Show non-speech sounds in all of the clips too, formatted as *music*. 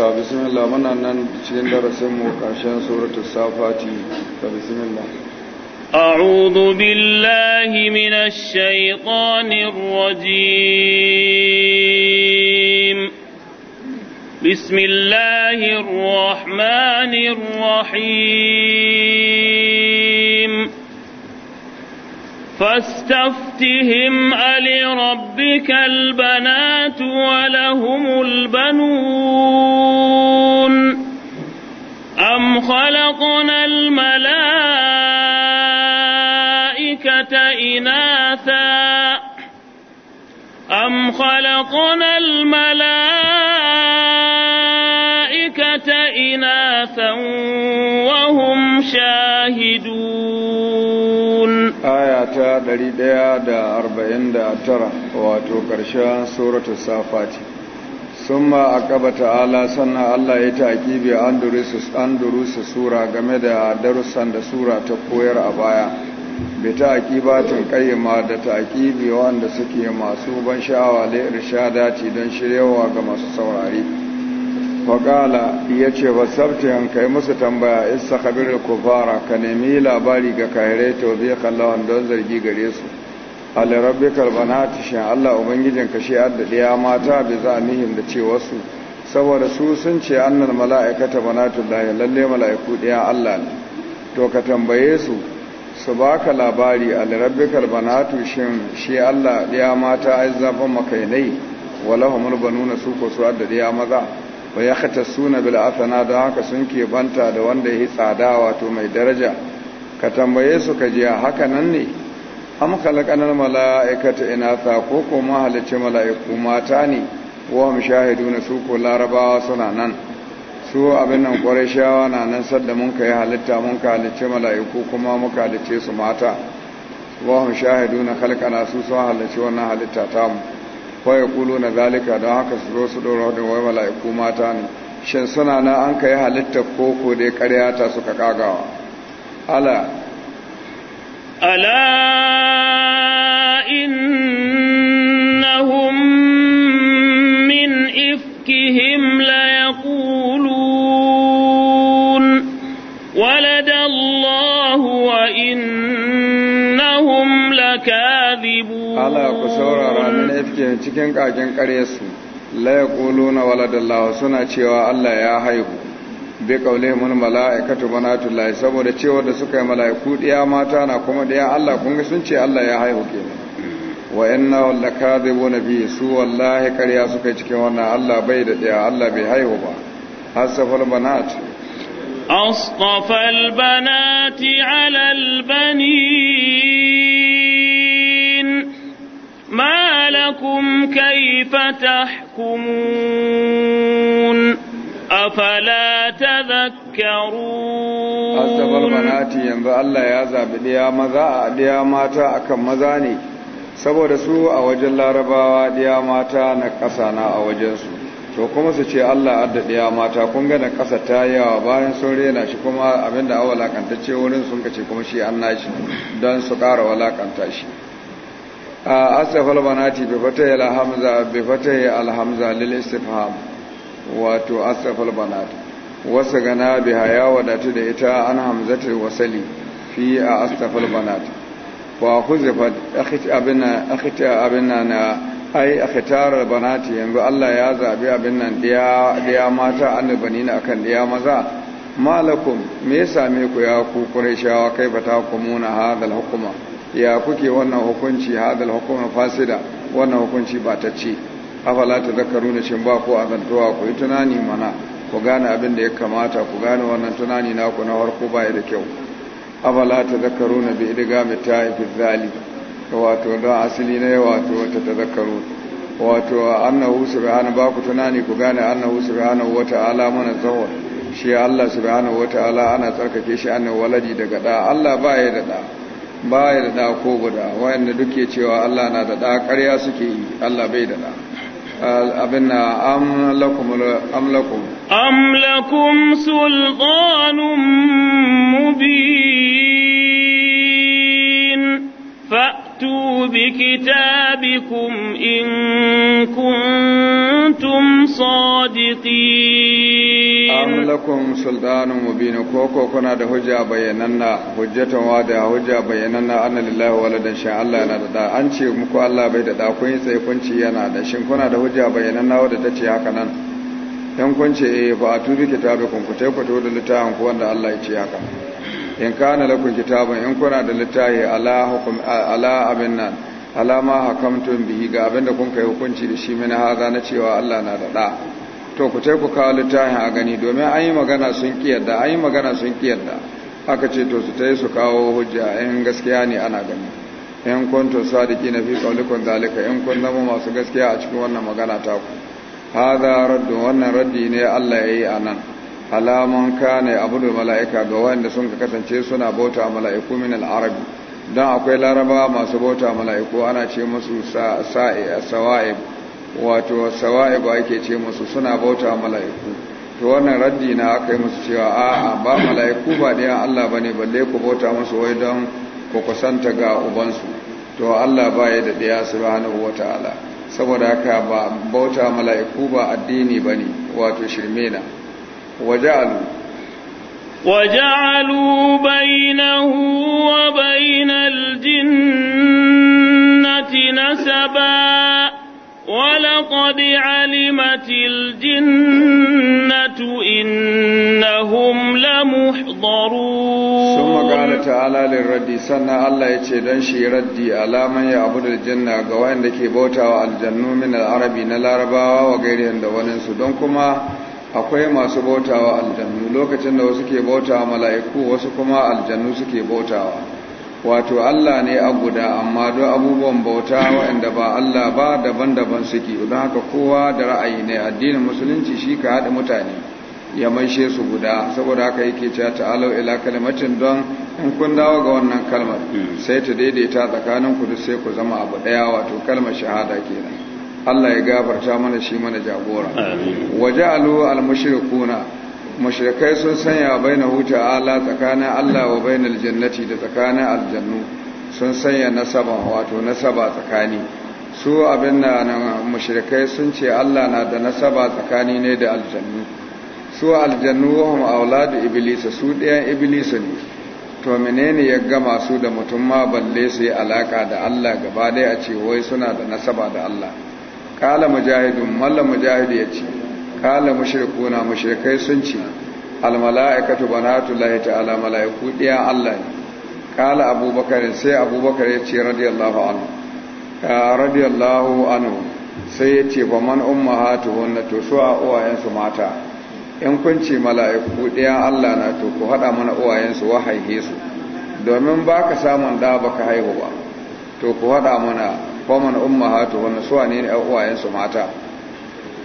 ta bismillah muna nan cikin darasin mu ƙarshen suratul safati ta bismillah أعوذ بالله من الشيطان الرجيم بسم الله الرحمن الرحيم فاستفتهم ألربك البنات ولهم البنون أم خلقنا الملائكة إناثا أم خلقنا الملائكة إناثا وهم شاهدون ta 149 wato ƙarshen suratul safati summa aqaba ta'ala sannan Allah ya taqibi an durusus an sura game da darussan da sura ta koyar a baya bi taqibatin qayyima da taqibi wanda suke masu ban sha'awa la irshadati don shiryawa ga masu saurari faƙala ya ce wa sabtin kai musu tambaya isa khabirar kufara ka nemi labari ga kahirai ta wabi kallawan don zargi gare su alirabbi kalbana tishin allah ubangijin ka shi adda ɗaya mata bai za a nihim da ce wasu saboda su sun ce annan mala'ikata banatun lahi lalle mala'iku ɗaya allah ne to ka tambaye su su baka labari alirabbi kalbanatu shin shi allah ɗaya mata ai zafin makainai walahumul banuna su ko su adda ɗaya maza wa ya kata suna bil'afana don haka sun ke banta da wanda ya yi tsada wato mai daraja ka tambaye su ka jiya haka nan ne am khalaqanal mala'ikata inatha ko ko mahalicci mala'iku mata ne wa hum shahiduna su ko larabawa suna nan su abin nan qurayshawa na nan sadda mun kai halitta mun ka halice mala'iku kuma muka halicce su mata wa hum shahiduna khalaqana su sun wannan halitta tamu ƙulu na zalika don haka su zo su ɗora da wai mala'iku mata ne shin suna na an kai halitta koko dai ƙarya ta suka kagawa ala ala innahum min ifkihim la yaqulun walada Allah wa innahum lakadhibun ala ku saurara cikin cikin kagen ƙaryarsu la yaquluna waladallahu suna cewa Allah ya haihu bi qaulihimul malaikatu banatullahi saboda cewa da suka yi malaiku ɗiya mata na kuma ɗiya Allah kun ga sun ce Allah ya haihu kenan wa inna na bi su wallahi ƙarya suka cikin wannan Allah bai da diya Allah bai haihu ba asfal banat أصطفى البنات على البنين ما لكم كيف تحكمون أفلا تذكرون أصبر البنات ينبع الله يا زاب ديا ديا ماتا أكم مزاني saboda su a wajen larabawa ɗiya mata na ƙasa na to kuma su ce Allah adda mata kun ga na ƙasa ta yawa bayan sun rena shi kuma abinda a ce wurin sun kace kuma shi an nashi don su ƙara walakanta shi asafal banati bi fatahi alhamza bi fatahi alhamza lil istifham wato asafal banati wasa gana bi haya wadatu da ita an hamzatu wasali fi a asafal banati wa fa akhit abina akhit abina na ai akhitar banati yanzu Allah ya zabi abin nan diya mata annabani na akan diya maza malakum me ya same ku ya ku kureshawa kai bata muna hadal hukuma ya kuke wannan hukunci hadal hukumin fasida wannan hukunci ba ta ce afala ta zakaru na shin ba ku azantuwa ku yi tunani mana ku gane abin da ya kamata ku gane wannan tunani naku na harko ba ya da kyau afala ta zakaru na bi idiga mai ta haifi zali wato don asali na yawa wato wata ta zakaru wato annahu subhanahu ba ku tunani ku gane annahu subhanahu ta'ala mana zawar shi Allah subhanahu ta'ala ana tsarkake shi annahu waladi daga da Allah ba ya da da ba da ko guda wayanda duke cewa Allah na da karya ƙarya suke yi Allah bai da abin na amlakum amlakum amlakum mubin فأتوا بكتابكم إن كنتم صادقين أم لكم سلطان مبين كوكو كنا ده حجة بيننا حجة وادا حجة بيننا أنا لله ولد إن شاء الله أنا ده أنشي مكو الله بيت ده كوين سيكونشي أنا ده شن كنا ده حجة بيننا وده تشي هكذا dan kun ce fa atubi kitabakum ku tayi ku to da littafin ku wanda Allah ya ce haka in kana lakum kitabun in kuna da littafi ala hukum ala abin nan ala ma hakamtum bihi ga abin da kun kai hukunci da shi min haza na cewa Allah na da da to ku ce ku kawo littafin a gani domin an yi magana sun kiyarda an yi magana sun kiyarda aka ce to su tai su kawo hujja in gaskiya ne ana gani in kuntum na fi qawlikum zalika in kun zama masu gaskiya a cikin wannan magana ta ku hadha raddu wannan raddi ne Allah yayi anan halaman kana da mala'ika ga wanda sun ka kasance suna bauta mala'iku min al-arab akwai laraba masu bauta mala'iku ana ce musu sa'i sawa'ib wato sawa'ib ake ce musu suna bauta mala'iku to wannan raddi na aka yi musu cewa a'a ba mala'iku ba da Allah bane balle ku bauta musu wai don ku kusanta ga ubansu to Allah ba ya da daya subhanahu wataala saboda haka ba bauta mala'iku ba addini bane wato shirme na وجعلوا وجعلوا بينه وبين الجنة نسبا ولقد علمت الجنة إنهم لمحضرون ثم قال تعالى للرد سنة الله يتشدن شي ردي على من يعبد الجنة قوان لكي بوتا والجنو من العربي نلاربا وغيرهم دوننسو دونكما akwai masu bautawa aljannu lokacin da wasu ke bautawa mala'iku wasu kuma aljannu suke bautawa wato Allah ne a guda amma don abubuwan bauta waɗanda ba Allah ba daban-daban suke don haka kowa da ra'ayi ne addinin musulunci shi ka haɗa mutane ya maishe su guda saboda haka yake cewa ta'ala ila kalmatin don in kun dawo ga wannan kalmar hmm. sai ta daidaita tsakaninku duk sai ku zama abu ɗaya wato kalmar shahada kenan Allah ya gafarta mana shi mana jagora waja'alu al-mushrikuna mushrikai sun sanya huta ala tsakanin Allah wa bainal jannati da tsakanin aljannu sun sanya nasaba wato nasaba tsakani su abin da mushrikai sun ce Allah na da nasaba tsakani ne da aljannu su aljannu wahum auladu iblisa su ɗayan iblisa ne to menene ya gama su da mutum ma balle sai alaka da Allah gaba ɗaya a ce wai suna da nasaba da Allah kala mujahidun mallam mujahid ya ce kala mushrikuna mushrikai sun ce al mala'ikatu banatu lahi ta'ala mala'iku diya Allah ne kala abubakar sai abubakar ya ce radiyallahu anhu radiyallahu anhu sai ya ce ba man wannan to su a su mata in kun ce mala'iku diya Allah na to ku hada mana uwayensu wahaihe su domin baka samun da baka haihu ba to ku hada mana Umma ummahatu wannan su ne ne uwayensu mata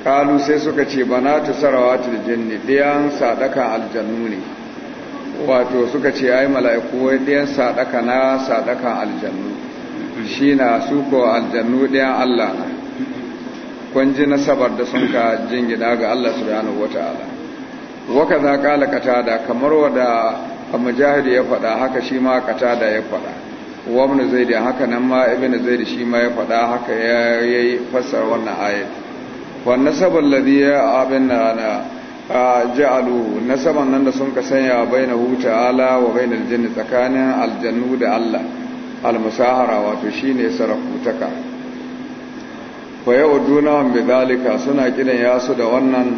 kalu sai suka ce ta banatu sarawatul jinni Ɗiyan sadaka aljannu ne wato suka ce ai mala'iku wai ɗiyan sadaka na sadaka aljannu na su ko aljannu ɗiyan Allah na kun ji nasabar da sun ka jingina ga Allah wata ala waka za kala katada kamar wada mujahid ya faɗa haka shi ma katada ya faɗa wa ibn zaid haka nan ma ibn zaid shi ma ya faɗa haka ya yi fassara wannan ayat wa nasab alladhi ya abinna ana ja'alu nasaban nan da sun ka sanya huta ta'ala wa bainal jini tsakanin aljannu da Allah almusahara wato shine sarakutaka fa ya'uduna bi dalika suna kidan yasu da wannan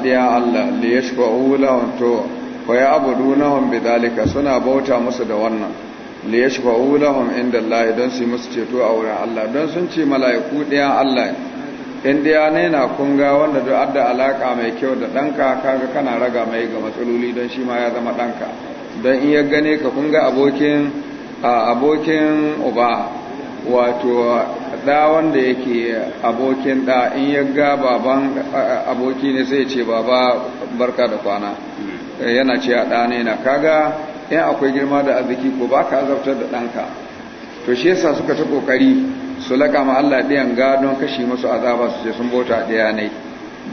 diya Allah li yashfa'u lahum to ya abuduna bi dalika suna bauta musu da wannan li yashfa'u lahum inda Allah don su musu ceto a wurin Allah don sun ce mala'iku ɗaya Allah ne in dai ne na kunga wanda duk adda alaka mai kyau da ɗanka kaga kana raga mai ga matsaloli don shi ma ya zama ɗanka don in ya gane ka kunga abokin abokin uba wato da wanda yake abokin da in ya ga baban aboki ne sai ce baba barka da kwana yana ce a ɗane na kaga in akwai girma da arziki ko ba ka azabtar da ɗanka to shi yasa suka ta ƙoƙari su laƙa ma Allah ɗayan ga don kashe musu azaba su ce sun bota ɗaya ne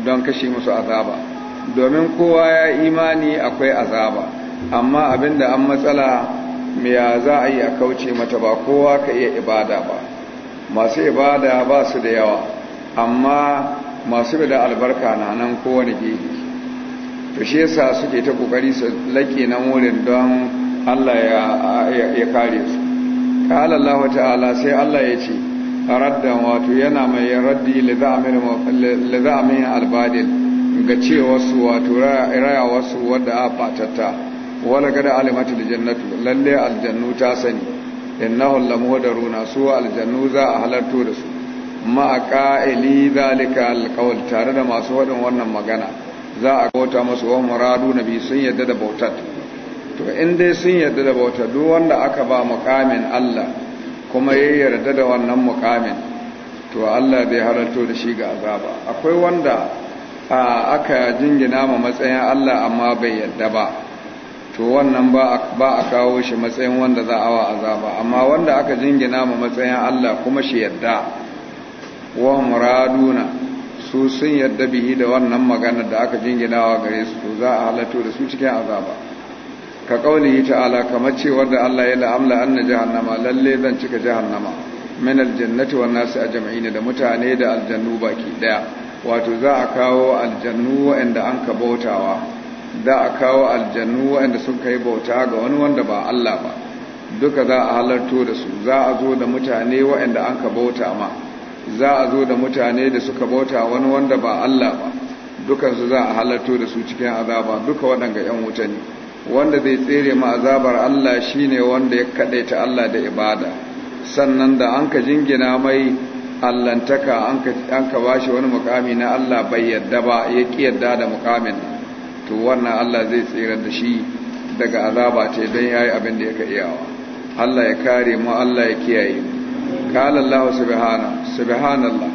don kashe musu azaba domin kowa ya imani akwai azaba amma abin da an matsala ya za a yi a kauce mata ba kowa ka iya ibada ba masu ibada ba su da yawa amma masu bida albarka na nan kowane gefe. to shi yasa suke ta kokari su laƙe na murin don Allah ya kare su qala Allah ta'ala sai Allah ya ce raddan wato yana mai raddi li za'amin albadil ga cewa su wato raya wasu wadda a fatatta wala kada alimatu da jannatu lalle aljannu ta sani innahu lamuhdaruna su aljannu za a halarto da su ma qa'ili zalika alqawl tare da masu wadin wannan magana za a kauta musu wa muradu biyu sun yadda da bautar to in dai sun yadda da bautar duk wanda aka ba mukamin Allah kuma ya yarda da wannan mukamin to Allah bai halarto da shi ga azaba akwai wanda aka jingina ma matsayin Allah amma bai yadda ba to wannan ba a kawo shi matsayin wanda za a wa azaba amma wanda aka jingina ma matsayin Allah kuma shi yadda wa muraduna su sun yarda bihi da wannan magana da aka jinginawa gare su to za a halatu da su cikin azaba ka kauli ta'ala kamar cewar da Allah ya la'amla anna jahannama lalle zan cika jahannama min aljannati wan nasi ajma'in da mutane da aljannu baki daya wato za a kawo aljannu wanda an ka bautawa za a kawo aljannu wanda sun kai bauta ga wani wanda ba Allah ba duka za a halarto da su za a zo da mutane wanda an ka bauta ma za a zo da mutane da suka bauta wani wanda ba Allah ba dukansu za a halatto da su cikin azaba duka waɗanga 'yan wuta ne wanda zai tsere ma azabar Allah shine wanda ya kaɗaita Allah da ibada sannan da an ka jingina mai allantaka an ka ba shi wani mukami na Allah bai yadda ba ya ƙi yadda da mukamin to wannan Allah zai tsere da shi daga azaba ce don ya yi abin da ya iyawa Allah ya kare mu Allah ya kiyaye mu قال الله سبحانه سبحان الله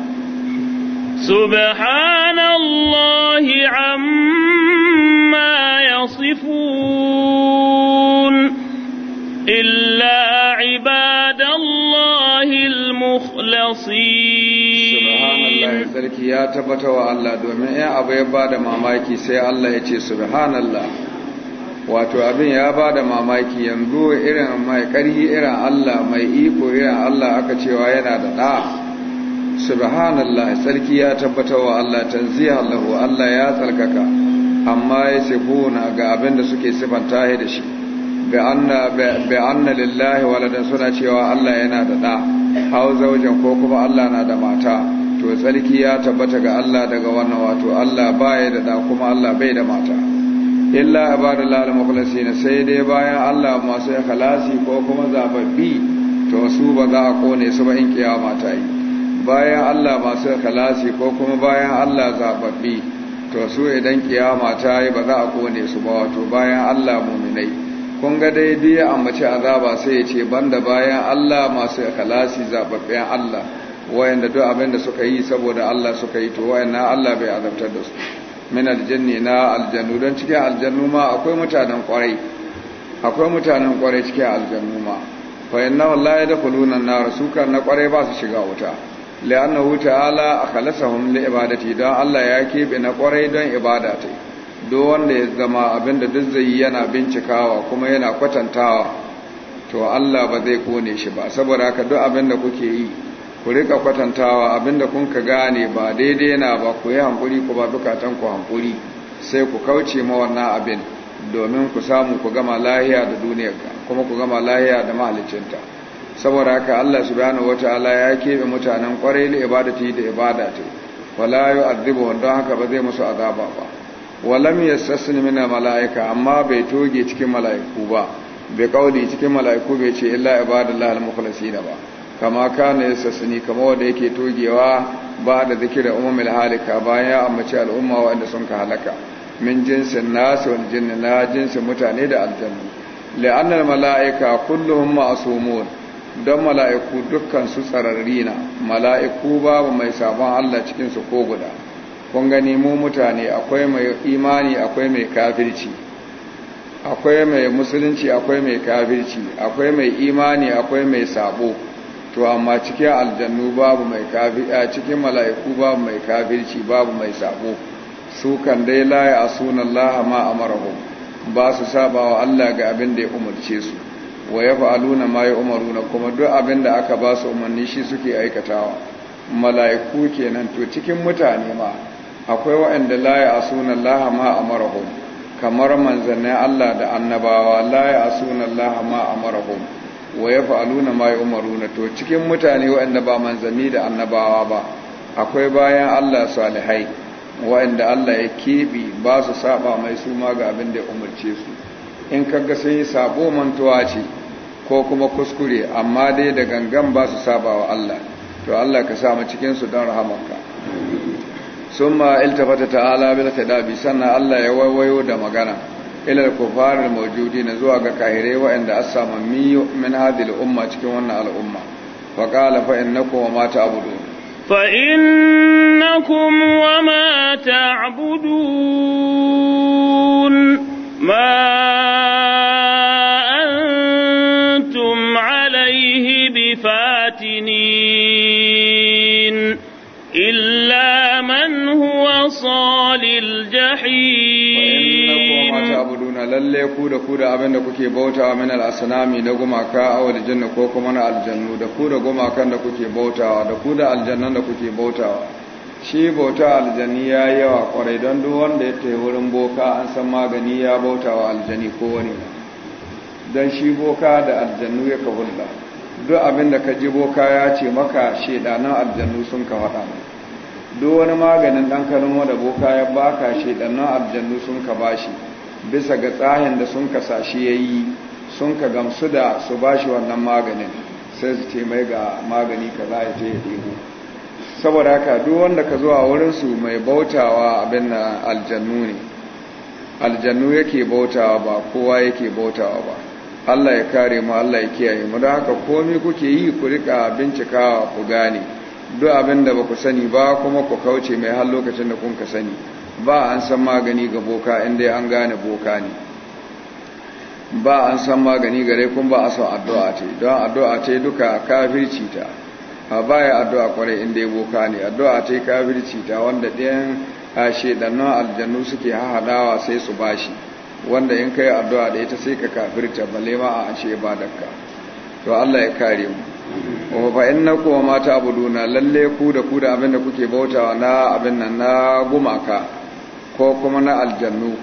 سبحان الله عما يصفون إلا عباد الله المخلصين سبحان الله سلكي يا تبتوى الله دومئة أبو يبادة مامايكي سي الله يتي سبحان الله wato abin ya ba da mamaki yanzu irin mai ƙarhi irin Allah mai iko irin Allah aka cewa yana da ɗa subhanallah tsarki ya tabbata wa Allah tanziha Allah Allah ya tsarkaka amma ya kuna ga abin da suke sifanta da shi bi anna lillahi waladan suna cewa Allah yana da ɗa hau zaujen ko kuma Allah na da mata to tsarki ya tabbata ga Allah daga wannan wato Allah baya da ɗa kuma Allah bai da mata illa ibadallah al-mukhlasin sai dai bayan Allah masu ikhlasi ko kuma zababbi to su ba za a kone su ba in kiyama ta yi bayan Allah masu ikhlasi ko kuma bayan Allah zababbi to su idan kiyama ta yi ba za a kone su ba wato bayan Allah muminai kun ga dai duk an mace azaba sai ya ce banda bayan Allah masu ikhlasi zababben Allah wayanda duk abin da suka yi saboda Allah suka yi to wayanna Allah bai azabtar da su min aljanni na aljannu don cikin aljannu ma akwai mutanen kwarai akwai mutanen kwarai cikin aljannu ma fa inna wallahi da an na rasuka na kwarai ba su shiga wuta wuta ala akhlasahum li ibadati don Allah ya kebe na kwarai don ibada ta do wanda ya zama abinda duk zai yana bincikawa kuma yana kwatantawa to Allah ba zai kone shi ba saboda haka duk abinda kuke yi ku rika kwatantawa abinda kun ka gane ba daidai na ba ku yi hankuri ku ba bukatan ku hankuri sai ku kauce ma wannan abin domin ku samu ku gama lahiya da duniyar kuma ku gama lahiya da mahalicinta saboda haka Allah subhanahu wataala ya keɓe mutanen kwarai da ibadati da ibada ta wala yu'adhibu don haka ba zai masu azaba ba walam yassasni min malaika amma bai toge cikin malaiku ba bai kauli cikin malaiku bai ce illa ibadallahi al-mukhlasina ba kama kana ya sassani kama wanda yake togewa ba da zikira umar halika bayan ya ambaci al'umma wanda sun ka halaka min jinsin nasu wani na jinsin mutane da aljannu la'annar mala'ika kullum ma'asumun don mala'iku dukkan su tsararri na mala'iku babu mai sabon allah cikinsu ko guda kun gani mu mutane akwai mai imani akwai mai kafirci akwai mai musulunci akwai mai kafirci akwai mai imani akwai mai sabo to amma cikin aljannu babu mai kafi cikin mala'iku babu mai kafirci babu mai sabo su kan dai a a sunan Allah ma marahu ba su saba wa Allah ga abin da ya umarce su wa ya yaf'aluna ma ya na kuma duk abin da aka ba su umarni shi suke aikatawa mala'iku kenan to cikin mutane ma akwai waɗanda laya a sunan Allah ma marahu kamar manzannin Allah da annabawa la a sunan Allah ma marahu wa ya fa'aluna ma ya umaruna to cikin mutane waanda ba manzanni da annabawa ba akwai bayan Allah salihai waɗanda Allah ya keɓe ba su saba mai su ma ga abin da ya umarce su in kaga sun yi sabo mantuwa ce ko kuma kuskure amma dai da gangan ba su saba wa Allah to Allah ka sa mu cikin su don rahamarka ma iltafata ta'ala bil sannan Allah ya waiwayo da magana إلى الكفار الموجودين زواج كاهري وإن أسام ميو من هذه الأمة كون الأمة فقال فإنكم وما تعبدون فإنكم وما تعبدون ما أنتم عليه بفاتنين إلا من هو صال الجحيم lalle ku da ku da abin da kuke bautawa min al-asnami na gumaka aw aljanna ko kuma na aljannu da ku da gumakan da kuke bautawa da ku da aljannan da kuke bautawa shi bauta aljanni ya yawa kwarai don duk wanda ya tafi wurin boka an san magani ya bautawa aljani ko wani dan shi boka da aljannu ya kabulla duk abin da ka ji boka ya ce maka shedanan aljannu sun ka faɗa duk wani maganin ɗan kalmo da boka ya baka shedannan aljannu sun ka bashi bisa ga tsahin da sun kasashe ya yi sun ka gamsu da su ba shi wannan maganin sai su ce mai ga magani ka za a ce ya ɗigo saboda haka duk wanda ka zuwa wurinsu mai bautawa abin na aljannu ne aljannu yake bautawa ba kowa yake bautawa ba Allah ya kare mu Allah ya kiyaye mu don haka komai kuke yi ku rika bincikawa ku gane duk abin da ba ku sani ba kuma ku kauce mai har lokacin da kun ka sani ba an san magani ga boka inda an gane boka ne ba an san magani gare kun ba a san addu'a ce don addu'a ce duka kafirci ta a baya addu'a kwarai inda ya boka ne addu'a ce kafirci ta wanda ɗin a shedannun aljannu suke hahadawa sai su bashi wanda in kai addu'a da ita sai ka kafirta balle ma a ce ba dakka to Allah ya kare mu wa fa inna kuma ma buduna lalle ku da ku da abin da kuke bautawa na abin nan na gumaka ko kuma na aljannu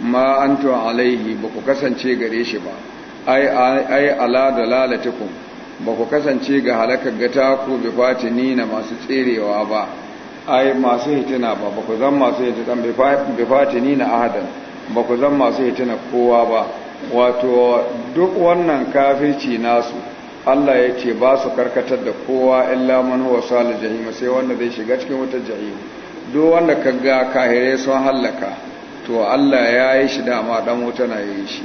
ma antum alaihi ba ku kasance gare shi ba ai ala ala dalalatikum ba ku kasance ga halakar gata ku bi fatini na masu tserewa ba ai masu hitina ba ba ku zan masu hitina bi fatini na ahadan ba ku zan masu hitina kowa ba wato duk wannan kafirci nasu Allah ya ce ba su karkatar da kowa illa man huwa salih sai wanda zai shiga cikin wutar jahim duk wanda ka ga kahire sun hallaka to Allah ya yi shi dama dan wuta na yi shi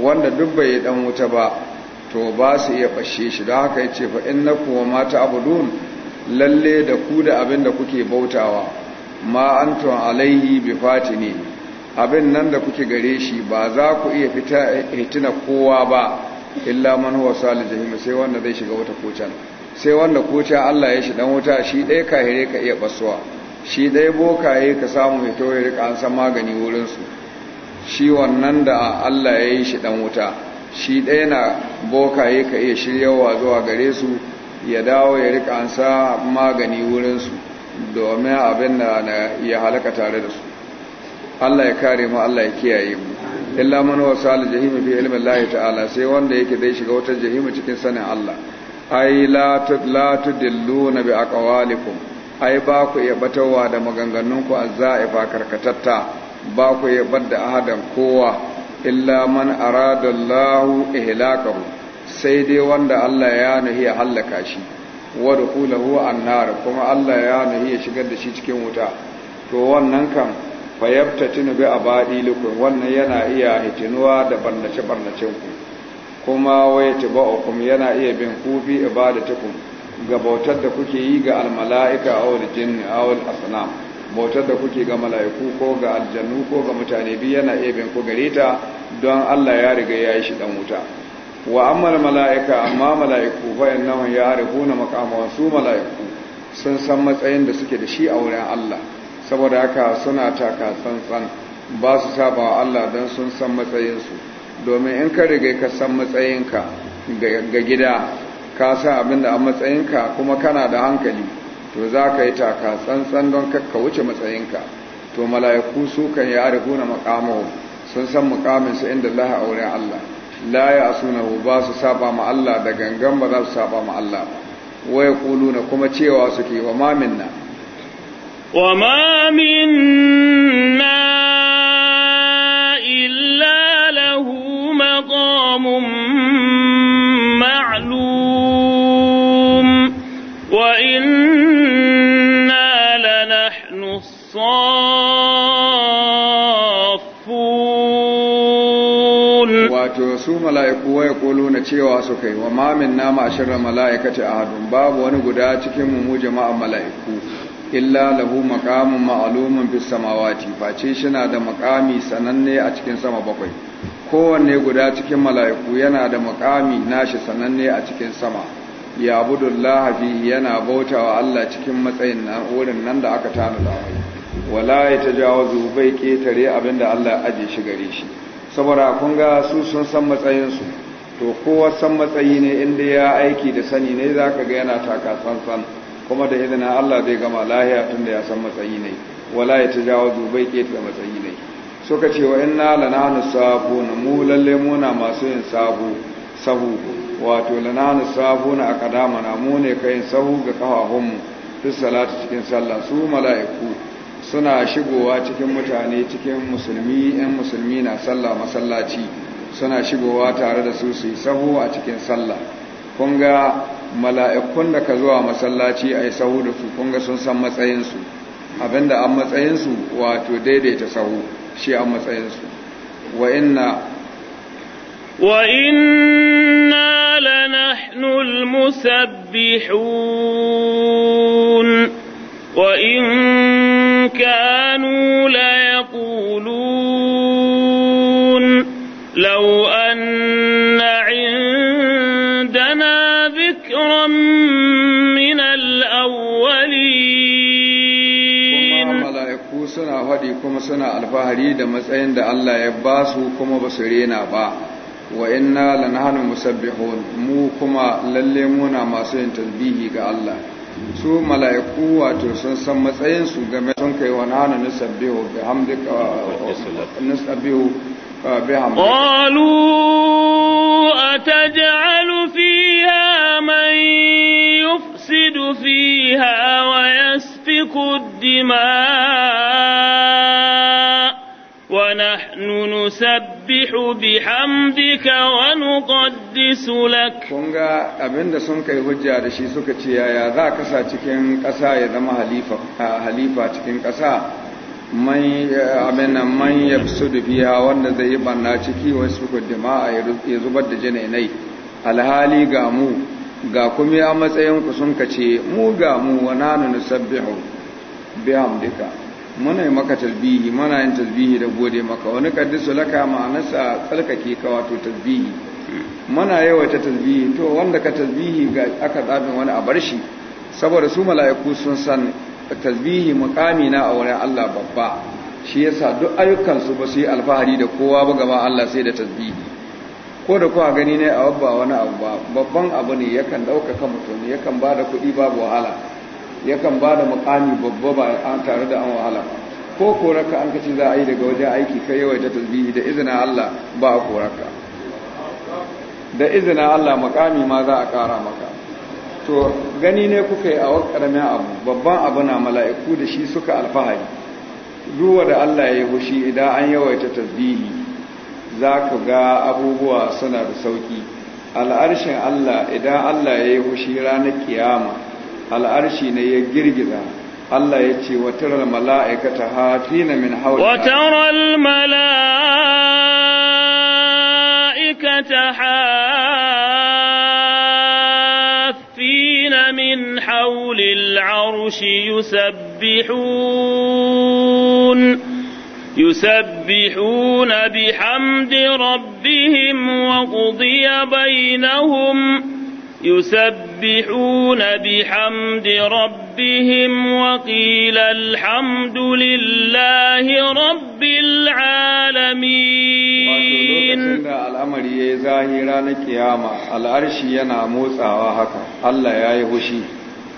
wanda duk bai yi dan wuta ba to ba su iya fashe shi don haka ya ce fa in na kuwa mata abudun lalle da ku da abin da kuke bautawa ma an tun alaihi bi ne abin nan da kuke gare shi ba za ku iya fita hitina kowa ba illa man huwa salih sai wanda zai shiga wata kocan sai wanda kocan Allah ya shi dan wuta shi dai kahire ka iya basuwa shi dai bokaye ka samu mai tawaye rika kansan magani wurinsu shi wannan da Allah ya yi shi dan wuta shi ɗaya na bokaye ka iya shiryawa zuwa gare su ya dawo ya rika an magani wurinsu domin abin da ya halaka tare da su Allah ya kare mu Allah ya kiyaye mu illa man wasa al jahim ilmi Allah ta'ala sai wanda yake dai shiga wata jahimi cikin sanin Allah ay la tudilluna bi aqwalikum ai ba ku ya batawa da maganganunku ba karkatatta ba ku ya badda ahadan kowa illa man aradallahu ihlakahu sai dai wanda Allah ya nahi ya hallaka shi wa dukulahu annar kuma Allah ya nahi ya shigar da shi cikin wuta to wannan kan fayabtatinu bi abadi lakum wannan yana iya hitinuwa da barnace barnacen ku kuma wayatba'ukum yana iya bin ku bi ibadatukum ga bautar da kuke yi ga almala'ika jini a wani asnam bautar da kuke ga mala'iku ko ga aljannu ko ga mutane biyu yana iya binku ku gare ta don Allah ya riga ya yi shi dan wuta wa amma mala'ika amma mala'iku ya innahum na maqamahu su mala'iku sun san matsayin da suke da shi a wurin Allah saboda haka suna taka tsantsan ba su saba wa Allah don sun san matsayinsu domin in ka riga ka san matsayinka ga gida ka san abin da a matsayinka kuma kana da hankali to za ka yi taka tsantsan don kakka wuce matsayinka to mala'iku su kan yi arifu na makamahu sun san mukaminsu inda Allah a wurin Allah la ya hu ba su saba ma Allah da gangan ba za su saba ma Allah ba waya kuluna kuma cewa suke wa ma minna wa ma mala'iku waya kolo na cewa su kai wa mamin nama a shirin mala'ikata a hadun babu wani guda cikin mummu jama'a mala'iku illa lahu makamun ma'alumin bis samawati face shi na da makami sananne a cikin sama bakwai kowanne guda cikin mala'iku yana da makami nashi sananne a cikin sama ya budullaha fihi yana bautawa Allah cikin matsayin na wurin nan da aka tanada mai wala ya tajawazu bai ketare abinda Allah ya aje shi gare shi saboda kun ga su sun san matsayinsu to kowa san matsayi ne inda ya aiki da sani ne za ka ga yana taka sansan kuma da izinin Allah zai gama lahiya tun da ya san matsayi ne wala ya ta jawo zubai da matsayi ne suka ce wa inna lananu sabu na mu lalle muna masu yin sabu sahu wato lananu sabu na akadama na mu ne yin sahu ga kafafunmu fi salatu cikin sallah su mala'iku suna shigowa cikin mutane cikin musulmi ‘yan musulmi na sallah masallaci suna shigowa tare da su su yi sahu a cikin sallah kun ga mala'ikun da ka zuwa masallaci a yi sahu da su kun sun san matsayinsu abinda an matsayinsu wato daidaita sahu shi an matsayinsu wa inna wa inna lanahnu musabbihun وإن كانوا ليقولون لو أن عندنا ذكرا من الأولين suna faɗi kuma suna alfahari da matsayin da Allah ya basu kuma basu rena ba wa inna lanahanu musabbihun mu kuma lallai muna masu yin tasbihi ga Allah su mala'iku wato sun san matsayin su game sun kai wa nana nusabbihu bihamdika nusabbihu bihamdika qalu ataj'alu fiha man yufsidu fiha wa yasfiku ad-dimaa نسبح بحمدك ونقدس لك kunga abinda sun kai hujja da shi suka ce yaya za ka sa cikin ƙasa ya zama halifa halifa cikin kasa man amina man yafsudu biha wanda zai yi banna ciki wasu kuddima ya zubar da jinainai alhali ga mu ga kuma a matsayin ku sun kace mu ga mu wa nanu nusabbihu bihamdika muna yi maka tasbihi muna yin tasbihi da gode maka wani kaddisu laka ma'anarsa tsarkake ka wato tasbihi muna ta tasbihi to wanda ka tasbihi ga aka tsafin wani a bar shi saboda su mala'iku sun san tasbihi mukami na a wurin Allah babba shi yasa duk ayyukansu ba su yi alfahari da kowa ba gaba Allah sai da tasbihi ko da kuwa gani ne a babba wani abu ba babban abu ne yakan ɗaukaka mutum yakan ba da kuɗi babu wahala yakan ba da mukami babba ba tare da an wahala ko koraka an kace za a yi daga wajen aiki kai yawaita tasbihi da izina Allah ba a koraka da izina Allah makami ma za a kara maka to gani ne kuka yi a ƙaramin abu babban abu na mala'iku da shi suka alfahari zuwa da Allah ya yi hushi idan an yawaita tasbihi za ku ga abubuwa suna da sauki al'arshin Allah idan Allah ya yi hushi ranar kiyama al'arshi ne ya girgiza Allah ya ce wa tarar mala'ikata hatina min haula wa tarar mala'ikata hatina min haulil arshi yusabbihun يسبحون بحمد ربهم وقضي بينهم يسبحون يسبحون بحمد ربهم وقيل الحمد لله رب العالمين al'amari ya yi zahira na kiyama al'arshi yana motsawa haka Allah ya yi hushi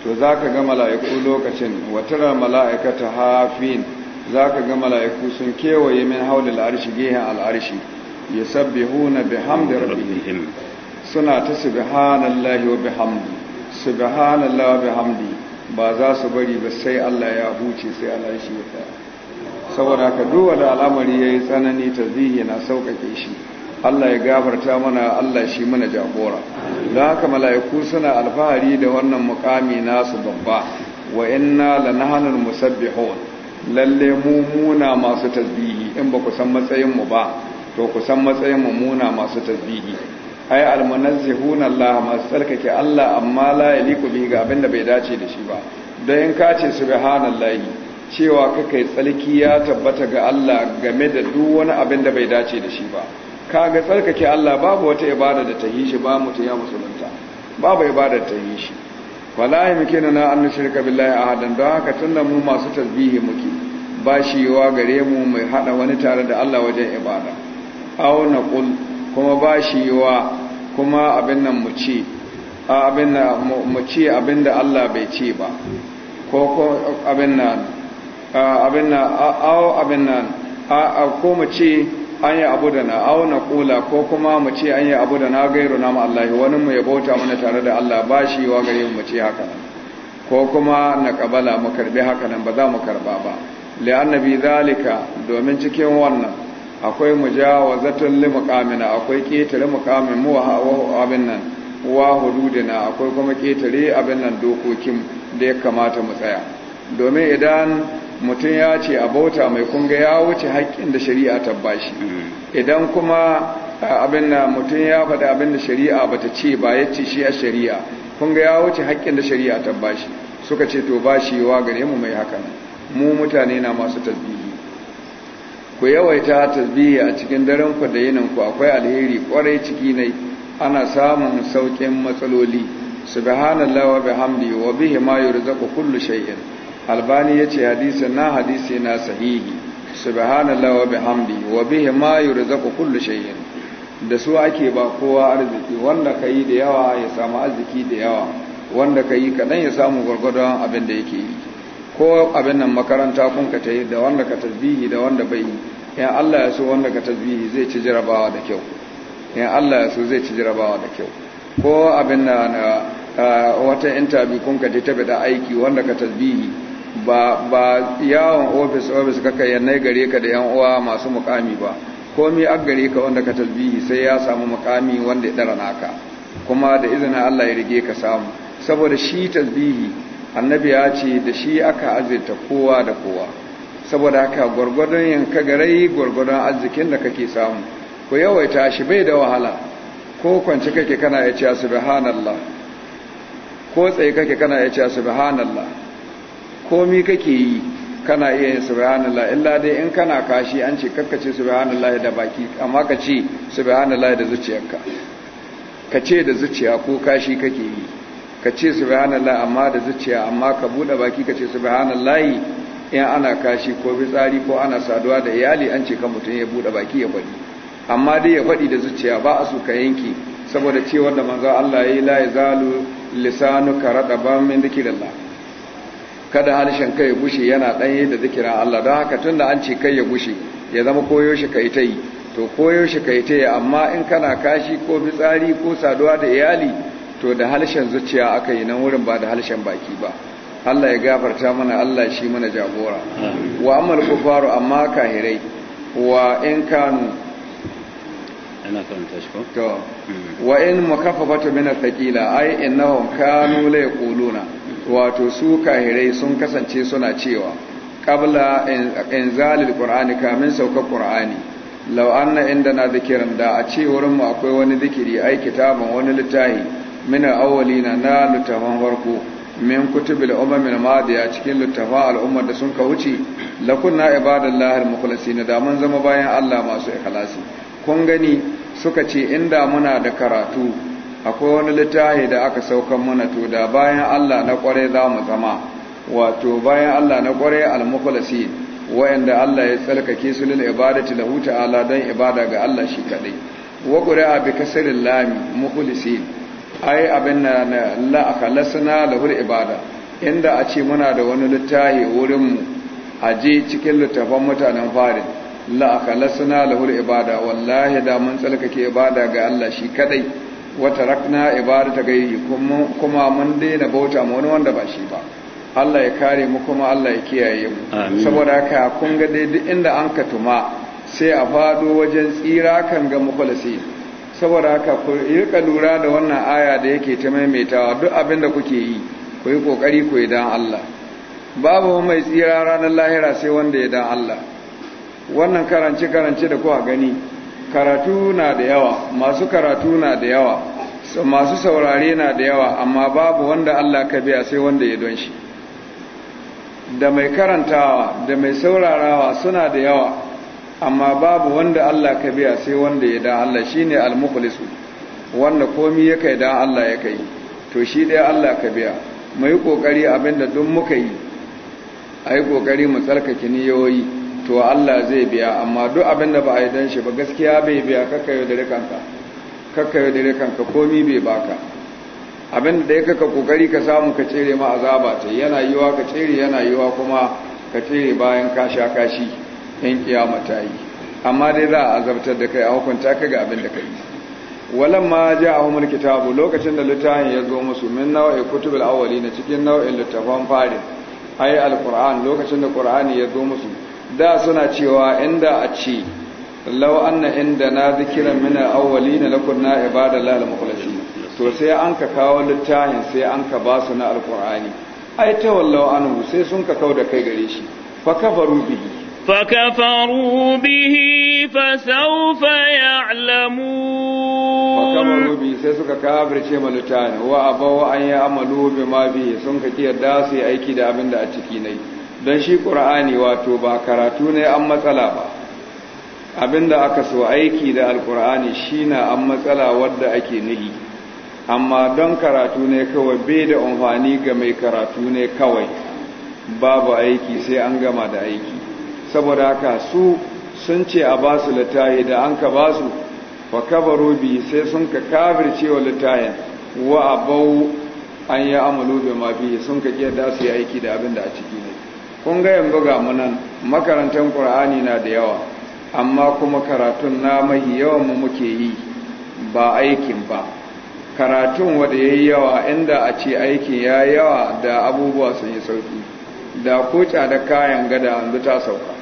to za ka ga mala'iku lokacin watarar mala'ikata hafin za ka ga mala'iku sun kewaye min haulil arshi gehen al'arshi ya sabbi huna bi hamdar suna ta subhanallahi wa bihamdi subhanallahi wa bihamdi ba za su bari ba sai Allah ya huce sai Allah shi ya saboda ka duwa da al'amari yayi tsanani zihi na saukake shi Allah ya gafarta mana Allah shi mana jagora don haka mala'iku suna alfahari da wannan mukami nasu babba wa inna lanahanul musabbihun lalle mu muna masu tasbihi in ba ku san matsayin mu ba to ku san matsayin mu muna masu tasbihi ai almunazzihuna Allah masu tsarkake Allah amma la yaliku bi ga abinda da bai dace da shi ba dan in ka ce subhanallahi cewa kakai tsarki ya tabbata ga Allah game da duk wani abin da bai dace da shi ba kaga tsarkake Allah babu wata ibada da ta yi shi ba mutum ya musulunta babu ibada ta yi shi wala yumkinu na an shirka billahi ahadan don haka tunda mu masu tasbihi muke ba shi yawa gare mu mai hada wani tare da Allah wajen ibada aw naqul kuma ba shi wa kuma abin nan mu ce abin nan mu ce abin da Allah bai ce ba ko abin nan abin nan au abin nan ko mu ce an yi abu da na au na kula ko kuma mu ce an yi abu da na gairu na Allah wani mu ya bauta mana tare da Allah ba shi wa gare mu ce haka ko kuma na kabala mu karbi haka nan ba za mu karba ba li annabi zalika domin cikin wannan akwai mujawazatun li akwai ketare muqamin mu wa abin nan wa hududina akwai kuma ketare abin nan dokokin da ya kamata mu tsaya domin idan mutum ya ce a bauta mai kunga ya wuce haƙƙin da shari'a ta bashi idan kuma abin nan mutum ya faɗi abin da shari'a bata ce ba ya ce shi a shari'a kunga ya wuce haƙƙin da shari'a ta bashi suka ce to bashi wa gare mu mai hakan mu mutane na masu tasbihi ku yawaita tasbihi a cikin daren ku da yinin ku akwai alheri kwarai ciki ne ana samun saukin matsaloli subhanallahi wa bihamdihi wa bihi ma yurzaqu kullu shay'in albani yace hadisin na hadisi na sahihi subhanallahi wa bihamdihi wa bihi ma yurzaqu kullu shay'in da su ake ba kowa arziki wanda ka yi da yawa ya samu arziki da yawa wanda ka yi kaɗan ya samu gwargwadon abin da yake yi ko abin nan makaranta kun ka ta yi da wanda ka tasbihi da wanda bai yi yan Allah ya so wanda ka tasbihi zai ci jarabawa da kyau yan Allah ya so zai ci jarabawa da kyau ko abin nan wata interview kun ka ta bada aiki wanda ka tasbihi ba ba yawon ofis ofis kaka nai gare ka da yan uwa masu mukami ba komai a gare ka wanda ka tasbihi sai ya samu mukami wanda ya dara naka kuma da izinin Allah ya rige ka samu saboda shi tasbihi annabi ya ce da shi aka azirta kowa da kowa saboda haka gwargwadon yanka garai gwargwadon arzikin da kake samu ku yawaita shi bai da wahala ko kwanci kake kana ya ce subhanallah ko tsaye kake kana ya ce subhanallah komi kake yi kana iya yin subhanallah illa dai in kana kashi an ce kakkace subhanallah da baki amma ka ce subhanallah da zuciyarka ka ce da zuciya ko kashi kake yi ka ce subhanallah amma da zuciya amma ka bude baki ka ce subhanallah in ana kashi ko fitsari ko ana saduwa da iyali an ce kan mutum ya bude baki ya faɗi amma dai ya faɗi da zuciya ba a so ka yanke saboda cewar da manzo Allah yayi la yazalu karada radaban min dhikrillah kada harshen kai ya gushe yana danye da zikirin Allah don haka tunda an ce kai ya gushe ya zama koyo shi kai ta to koyo shi kai ta amma in kana kashi ko fitsari ko saduwa da iyali to da halshen zuciya aka yi nan wurin ba da halshen baki ba Allah ya gafarta mana Allah shi mana jagora wa amal kufaru amma kahirai wa in kanu ana karanta shi ko to hmm. wa in mukaffafatu min athqila ay innahum kanu la wato su kahirai sun kasance suna cewa qabla inzalil qur'ani kamin sauka qur'ani law anna indana dhikran da a ce wurin mu akwai wani zikiri ai kitaban wani littafi min awali na na lutaman warko min kutubil umamil madiya cikin littafa al'ummar da sun ka wuce lakunna ibadallahi al-mukhlasina da mun zama bayan Allah masu ikhlasi kun gani suka ce inda muna da karatu akwai wani littafi da aka sauka mana to da bayan Allah na kware za mu zama wato bayan Allah na kwarai al-mukhlasin wayanda Allah ya tsarkake su lil ibadati lahu ta'ala dan ibada ga Allah shi kadai wa qura'a bi kasril lam mukhlisin ai abin na la akhlasna lahul ibada inda a ce muna da wani littahi wurin mu aje cikin littafan mutanen fari la akhlasna lahul ibada wallahi da mun tsalkake ibada ga Allah shi kadai wata rakna ibada ta gayyi kuma mun daina bauta ma wani wanda ba shi ba Allah ya kare mu kuma Allah ya kiyaye mu saboda haka kun ga dai duk inda an ka tuma sai a fado wajen tsira kan ga mukhlasi saboda haka ku rika lura da wannan aya da yake ta maimaitawa duk abin da kuke yi ku yi kokari ku yi dan Allah babu mai tsira ranar lahira sai wanda ya dan Allah wannan karanci karanci da kuwa gani karatu na da yawa masu karatu na da yawa masu saurare na da yawa amma babu wanda Allah ka biya sai wanda ya don shi da mai karantawa da mai saurarawa suna da yawa amma babu wanda Allah ka biya sai wanda ya da Allah shine al-mukhlisu wanda komi ya kai da Allah ya kai to shi dai Allah ka biya mu yi kokari abinda duk muka yi yi kokari mu tsarkake niyoyi to Allah zai biya amma duk abinda ba a yi dan shi ba gaskiya bai biya kakkayo da rikanka yau da rikanka komi bai baka abinda da ya kaka kokari ka samu ka cire ma azaba ce yana yiwa ka cire yana yiwa kuma ka cire bayan ka sha kashi in kiyama ta yi amma dai za a azabtar da kai a hukunta ka ga abin da kai walan ma ja a humar kitabu lokacin da littafin ya zo musu min nau'in kutubul awwali na cikin nau'in littafan farin ai alquran lokacin da qur'ani ya zo musu da suna cewa inda a ce law anna inda na zikira min al na lakunna ibadallahi al-mukhlasin to sai an ka kawo littafin sai an ka ba su na alqur'ani ai ta wallahu anhu sai sun ka kauda kai gare shi fa kafaru bihi فكفروا به فسوف يعلمون فكفروا به سيسوك كافر شيما لتان هو أبو أن يعملوا بما به سنك كي الداسي أي كي دابن دا أتكيني don shi ƙur'ani wato ba karatu ne an matsala ba abinda aka so aiki da alƙura'ani shi na an matsala wadda ake nihi amma don karatu ne kawai bai da amfani ga mai karatu ne kawai babu aiki sai an gama da aiki saboda haka su sun ce a ba su littaye da an ka ba su fa kabaru bi sai sun ka kafirce wa littayen wa abau an yi amalu bi ma bi sun ka kiyar su yi aiki da abin da a ciki ne kun ga yanzu ga munan makarantar qur'ani na da yawa amma kuma karatun na mai yawan mu muke yi ba aikin ba karatun wanda yayi yawa inda a ce aiki ya yawa da abubuwa sun yi sauki da koca da kayan gada an ta sauka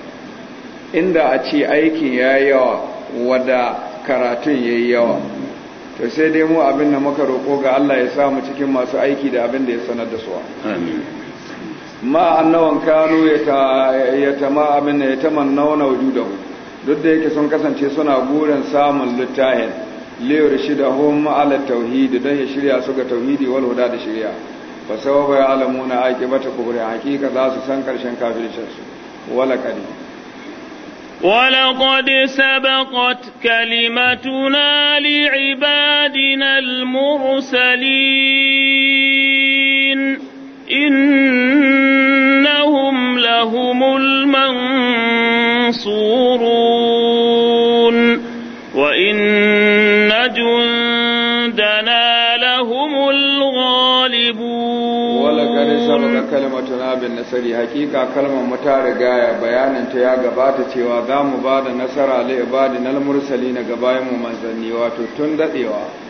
inda a ce aikin ya yawa wadda karatun ya yi yawa to sai dai mu abin da muka roƙo ga Allah ya samu cikin masu aiki da abin da ya sanar da suwa ma annawan kanu ya ta ma abin da ya ta taman nauna wujudahu duk da yake sun kasance suna gurin samun littahin liyar shi da home ala tauhidi don ya shirya su ga tauhidi wal huda da shirya ba sababa ya alamuna aiki mata kubure hakika za su san karshen kafircinsu wala kadi ولقد سبقت كلمتنا لعبادنا المرسلين إنهم لهم المنصورون وإن جندنا لهم الغالبون ولقد سبق كلمة bin nasari hakika kalmar mu ta rigaya bayanin ta ya gabata cewa za mu ba da nasara la ibadin al-mursali na gabayin mu manzanni wato tun daɗewa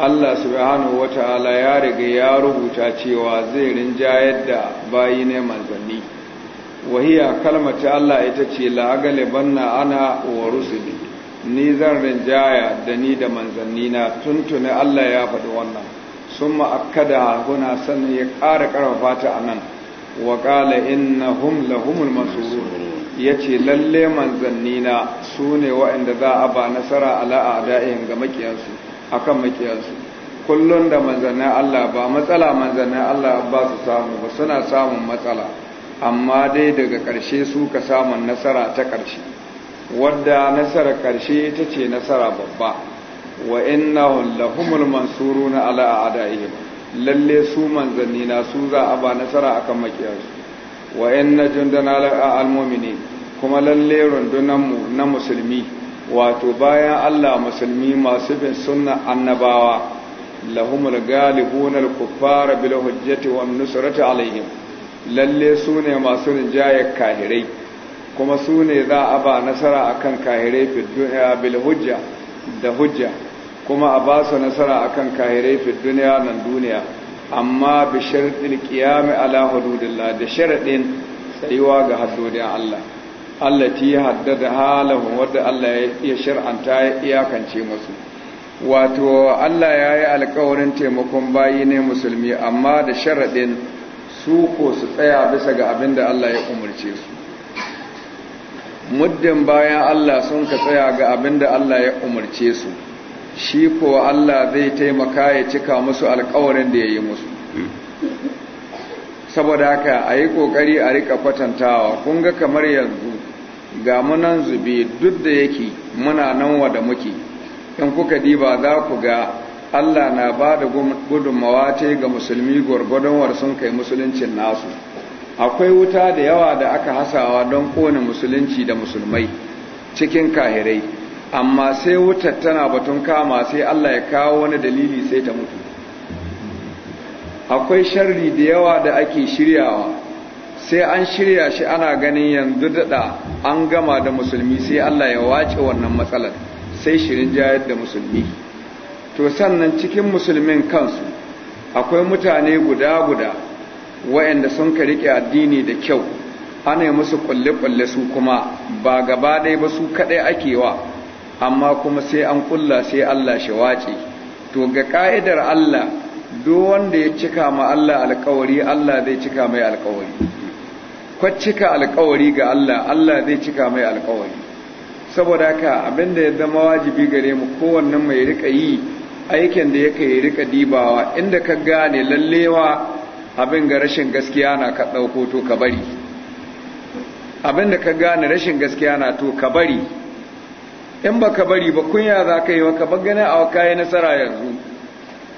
Allah subhanahu wataala ya riga ya rubuta cewa zai rinjayar da bayi ne manzanni wahiya kalmar ta Allah ita ce la agalibanna ana wa rusuli ni zan rinjaya da ni da manzanni na tuntuni Allah ya faɗi wannan sun ma'akkada guna sannan ya ƙara ƙarfafa ta a nan wa qala innahum lahumul mansurun yace lalle manzanni na ne waɗanda za a ba nasara ala a'da'ihim ga makiyansu akan makiyansu kullum da manzannin Allah ba matsala manzannin Allah ba su samu ba suna samun matsala amma dai daga ƙarshe su ka samun nasara ta ƙarshe wadda nasara ƙarshe ita ce nasara babba wa innahum lahumul mansuruna ala a'da'ihim lalle su manzanni na su za a ba nasara akan makiyarsu wa 'yan na jundana al-mu'minin kuma lalle rundunan mu na musulmi wato bayan Allah musulmi masu bin sunna annabawa lahumul galibun al-kuffara bil hujjati wan nusrati alaihim lalle su ne masu rinjaye kahirai kuma su ne za a ba nasara akan kahirai bil hujja da hujja kuma a ba su nasara kan kahirai fi duniya nan duniya amma bi sharɗin qiyam ala da sharaɗin tsayuwa ga hadodin Allah Allah ti haddada halahun wadda Allah ya shir'anta ya iyakance masu. wato Allah ya yi alkawarin taimakon bayi ne musulmi amma da sharaɗin su ko su tsaya bisa ga abin da Allah ya umarce su muddin bayan Allah sun ka tsaya ga abin da Allah ya umarce su shi ko Allah zai taimaka ya cika musu alkawarin da ya yi musu saboda haka a yi ƙoƙari a rika kwatantawa kun ga kamar yanzu ga munan zube duk da yake muna nan wada muke in kuka diba za ku ga Allah na ba da gudunmawa ce ga musulmi gwargwadonwar sun kai musuluncin nasu akwai wuta da yawa da aka hasawa don kone musulunci da musulmai cikin kahirai amma sai wutar tana batun kama sai Allah ya kawo wani dalili sai ta mutu akwai sharri da yawa da ake shiryawa sai an shirya shi ana ganin yanzu daɗa an gama da musulmi sai Allah ya wace wannan matsalar sai shirin jayar da musulmi to sannan cikin musulmin kansu akwai mutane guda-guda waɗanda sun ka riƙe addini da kyau ana yi musu ƙulle-ƙulle su kuma ba gaba ɗaya ba su kaɗai ake wa amma kuma sai an kulla sai Allah shi wace to ga ka'idar Allah duk wanda ya cika ma Allah alƙawari Allah zai cika mai alƙawari. kwa cika alƙawari ga Allah Allah zai cika mai alƙawari. saboda haka abinda ya zama wajibi gare mu kowannen mai rika yi aikin da yake ya rika dibawa inda ka gane lallewa abin ga rashin gaskiya na ka ɗauko to ka bari abin da ka gane rashin gaskiya na to ka bari in ba ka bari ba kunya za ka yi wa ka a a yi nasara yanzu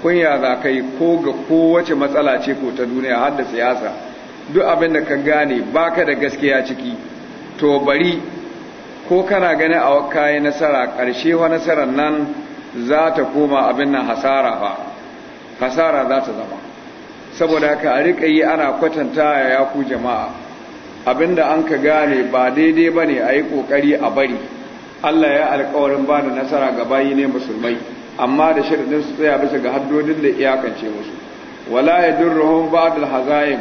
kunya za ka yi ko ga kowace matsala ce ko ta duniya har da siyasa duk abin da ka gane ba ka da gaskiya ciki to bari ko kana ganin a yi nasara ƙarshe wa nasarar nan za ta koma abin nan hasara ba hasara za ta zama saboda ka a riƙa yi ana kwatanta ya yaku jama'a abinda an ka gane ba daidai ba ne a yi ƙoƙari a bari Allah ya alkawarin ba da nasara ga bayi ne musulmai amma da shirin su tsaya bisa ga haddodin da iyakance musu wala yadurruhum ba da hazaim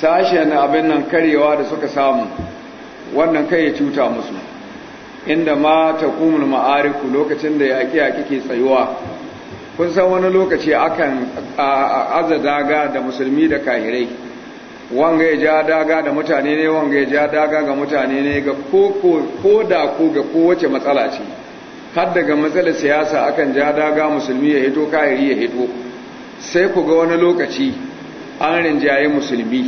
sashen abin nan karewa da suka samu wannan kai ya cuta musu inda ma kumul ma'ariku lokacin da yaki kike ke tsayuwa kun san wani lokaci akan azadaga da musulmi da kahirai wanga ya ja daga da mutane ne wanga ya ja daga ga mutane ne ga ko da ko ga kowace matsala ce har daga matsalar siyasa akan ja daga musulmi ya hito kayari ya hito sai ku ga wani lokaci an rinjaye musulmi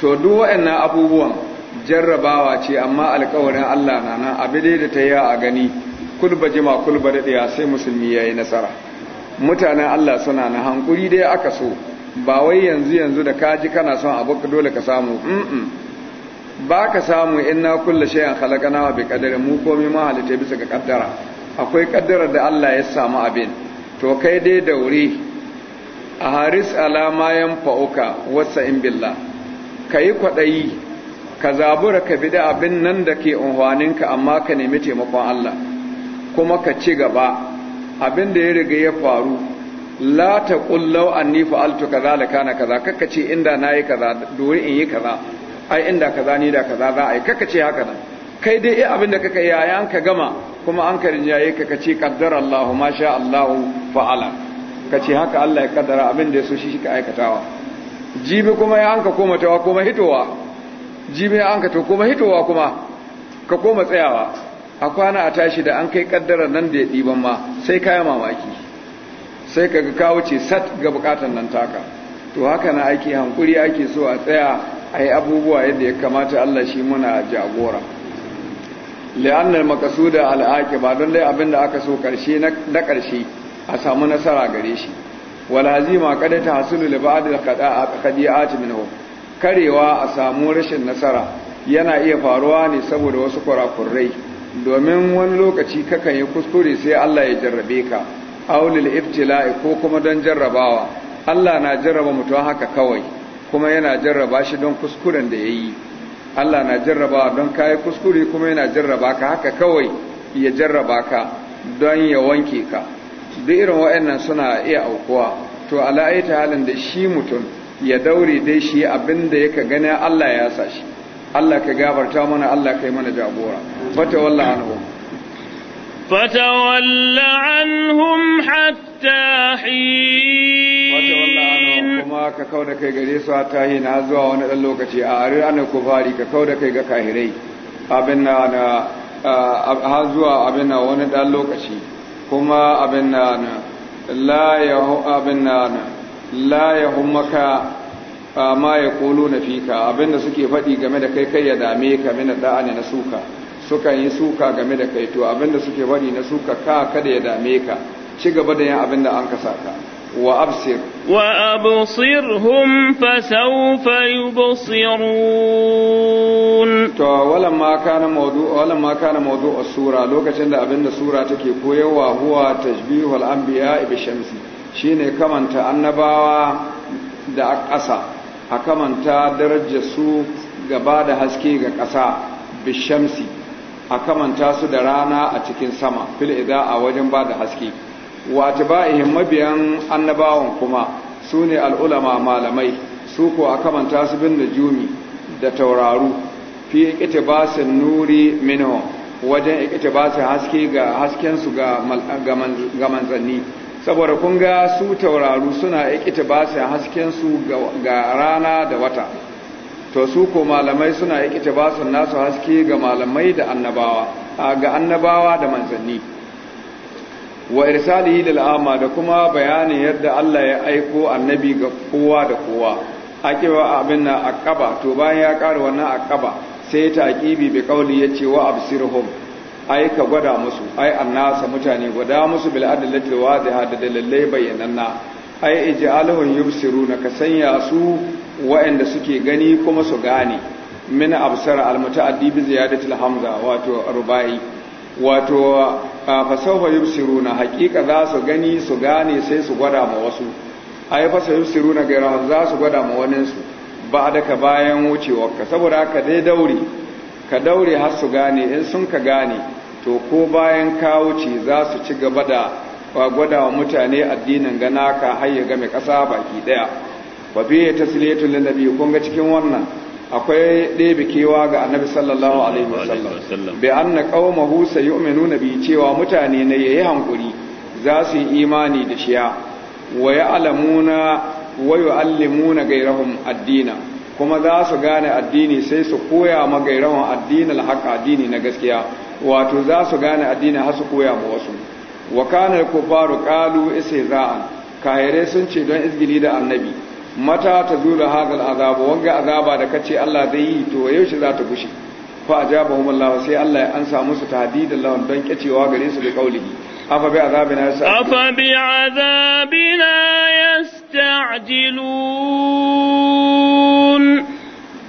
to duk waɗannan abubuwan jarrabawa ce amma alkawarin Allah na nan abi dai da ta yi a gani kulba jima kulba daɗaya sai musulmi ya yi nasara mutanen Allah suna na hankuri dai aka so ba wai yanzu yanzu da ka ji kana son abu ka dole ka samu ba ka samu in na kulla shayin halakana na bi kadarin mu komi ma halitta bisa ga kaddara akwai kaddara da Allah ya samu abin to kai dai da wuri a haris alama yan fa'uka wasa in billah ka yi kwaɗayi ka zabura ka bi da abin nan da ke ka amma ka nemi taimakon Allah kuma ka ci gaba abin da ya riga ya faru la ta kullau anni fa'altu kaza la kana kaza Kaka ce inda nayi kaza dori in yi kaza ai inda kaza ni da kaza za a yi kakka ce haka nan kai dai abin da kaka yaya an ka gama kuma an karin rinjaye ka kace qaddara Allahu ma sha Allahu fa'ala kace haka Allah ya kaddara abin da ya so shi ka aikatawa jibi kuma ya an ka koma tawa kuma hitowa jibi ya an ka to kuma hitowa kuma ka koma tsayawa a kwana a tashi da an kai kaddara nan da ya diban ma sai kaya mamaki sai kaga ka wuce sat ga bukatan nan taka to haka na ake hankuri ake so a tsaya a yi abubuwa yadda ya kamata Allah shi muna jagora li'annar makasuda al'aƙi ba don dai abin da aka so karshe na karshe a samu nasara gare shi ma kada ta hasulu li ba'd al-qadi'at minhu karewa a samu rashin nasara yana iya faruwa ne saboda wasu kurakurai domin wani lokaci kakan yi kuskure sai Allah ya jarrabe ka aulil ibtila'i ko kuma don jarrabawa Allah na jarraba mutum haka kawai kuma yana jarraba shi don kuskuren da ya yi Allah na jarrabawa don kayi kuskure kuma yana jarraba ka haka kawai ya jarraba ka don ya wanke ka duk irin waɗannan suna iya aukuwa to ala'aita halin da shi mutum ya daure dai shi abinda da yaka gani Allah ya sa Allah ka gabarta mana Allah ka yi mana jagora fata wallahu anhu فتول عنهم حتى حين kuma ka kauda kai غريس su a tahi na zuwa wani انا lokaci a arir ana kufari ka kauda kai ga kahirai abin abin na wani ɗan lokaci kuma abin na na la suke faɗi game da kai kai ya dame ka mina da'ani na suka suka yi suka game da kai to abinda suke bari na suka ka kada ya dame ka ci gaba da yin abinda an kasa ka wa absir wa absirhum fa sawfa yubsirun to ma kana mawdu ma kana mawdu as-sura lokacin da abinda sura take koyarwa huwa tashbihul anbiya bi shamsi shine kamanta annabawa da ƙasa a kamanta darajar su gaba da haske ga ƙasa bishamsi a kamanta su da rana a cikin sama fil a wajen ba da haske wa atba'ihim mabiyan annabawan kuma su ne al'ulama malamai su ko a kamanta su bin najumi da tauraru fi ikitibasin nuri minho wajen ikitibasin haske ga hasken su ga manzanni saboda kun ga su tauraru suna ikitibasin hasken su ga rana da wata to su ko malamai suna ikita ba su nasu haske ga malamai da annabawa ga annabawa da manzanni wa irsalihi lil amma da kuma bayani yadda Allah ya aiko annabi ga kowa da kowa akewa abin na akaba to bayan ya ƙara wannan akaba sai ta aqibi bi qauli yace wa absirhum ai ka gwada musu ai annasa mutane gwada musu bil adallati wadiha da dalilai bayyananna ai ij'aluhum yubsiruna ka sanya su wa'anda suke gani kuma su gane min absara almutaaddi bi ziyadatil hamza wato rubai wato sawfa yubsiruna haqiqa za su gani su gane sai su gwada ma wasu ay fasa yubsiruna gaira za su gwada ma wanin su ba da ka bayan ka saboda ka dai daure ka daure har su gane in sun ka gane to ko bayan ka wuce za su ci gaba da gwada wa mutane addinin ganaka har ya game ƙasa baki ɗaya wa ta tasliyatun lin nabi kun ga cikin wannan akwai ɗebe kewa ga annabi sallallahu alaihi wasallam husa yi qaumahu na biyu cewa mutane ne yayi hankuri za su yi imani da shiya wa ya alamuna wa yu'allimuna gairahun addina kuma za su gane addini sai su koya ma gairahun addini alhaka addini na gaskiya wato za su gane addini har su koya ma wasu wa kanar kufaru isai zaan kahire sun ce don izgili da annabi mata ta da hazal azaba wanga azaba da kace Allah zai yi to yaushe za ta gushe fa ajabahum Allah sai Allah ya ansa musu tahdidan lahum don kicewa gare su da kaulihi afa bi azabina afa bi azabina yasta'jilun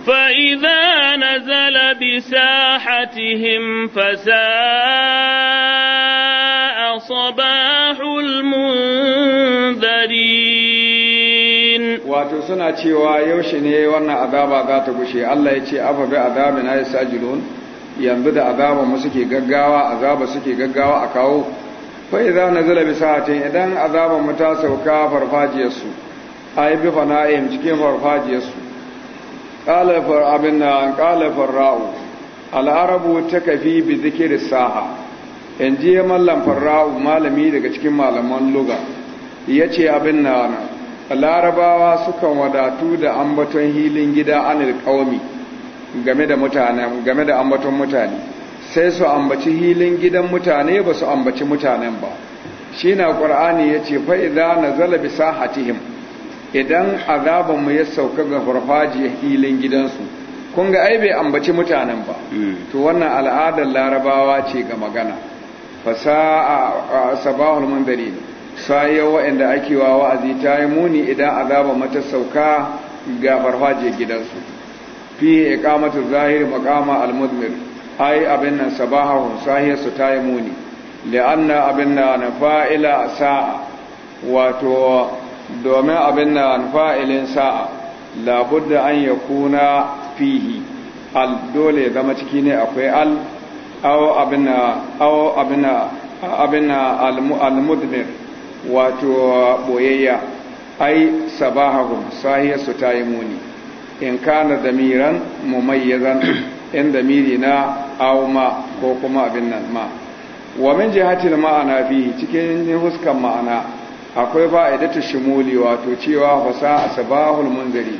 fa idza nazala bi sahatihim fasaa suna cewa yaushe ne wannan azaba za ta gushe Allah ya ce afa bi azabi na yasajilun yanzu da azaba mu suke gaggawa azaba suke gaggawa a kawo fa idza nazala bi sa'atin idan azaba mu ta sauka farfajiyar su ay bi fana'im cikin farfajiyar su qala far abinna qala ra'u al-arabu takafi bi dhikri saha in ji mallam ra'u malami daga cikin malaman luga ya ce abin na larabawa sukan wadatu da ambaton hilin gida anil game da mutanen game da ambaton mutane sai su ambaci hilin gidan mutane ba su ambaci mutanen ba shi na ƙwar'ani ya ce fa'iza na zalabi sahatihim idan azabanmu ya sauka ga farfajiyar hilin gidansu kun ga ai bai ambaci mutanen ba hmm. to wannan al'adar larabawa ce ga magana a sabahul manzari ne sayo waɗanda ake wa wa'azi ta yi muni idan azaba mata sauka ga farfajiyar gidansu fiye ya kamata zahiri makama almudmir ai abin nan sabahahun sahiyarsu ta yi muni la'anna abin na fa'ila sa'a wato domin abin na fa'ilin sa'a labudda an ya kuna fihi al dole ya zama ciki ne akwai al awo abin na al-mudmir wato boyayya ai sabahahum sahiyarsu ta yi muni in kana damiran mumayyazan in damiri na auma ko kuma abin nan ma wa min ma'ana fi cikin huskan ma'ana akwai idata shimuli wato cewa fasa sabahul munzari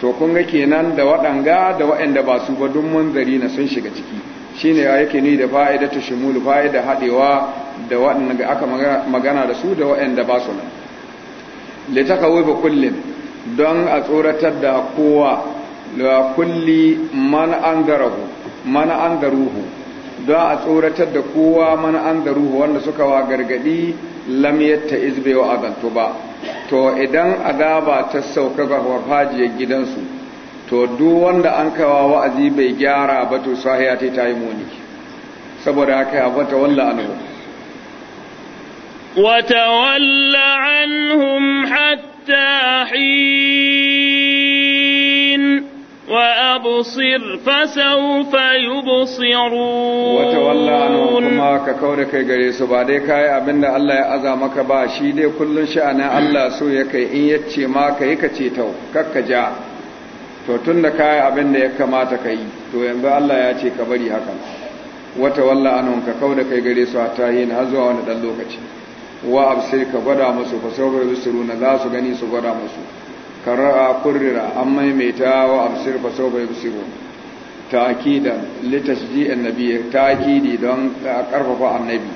to kun ga kenan da waɗanga da waɗanda ba su ba duk munzari na sun shiga ciki shine yake ni da fa'idatu shimulu fa'ida hadewa da waɗanda aka magana da su da waɗanda ba su nan kawai ba kullum don a tsoratar da kowa da kulli mana an garahu mana an garuhu don a tsoratar da kowa mana an garuhu wanda suka wa gargadi lamiyar ta izbe wa azantu ba to idan azaba ta sauka ga farfajiyar gidansu to duk wanda an kawa wa'azi bai gyara ba to sahiya ta yi muni saboda haka ya fata wallah anhu وتول عنهم حتى حين وأبصر فسوف يبصرون وتولى عنهم كما ككورك غريس بعدك يا أبن الله أزامك باشي دي كل شأن الله سويك إن يتشي ما كيك تيتو ككجا to tun da kayi abin da ya kamata ka yi to yanzu Allah ya ce ka bari hakan wata walla ka kauda kai gare su a tahin har zuwa wani ɗan lokaci wa absir ka gwada musu fa sawfa yusiruna za su gani su gwada musu kara kurira an maimaita wa absir fa sawfa yusiruna ta'kidan litasji annabi ta'kidi don karfafa annabi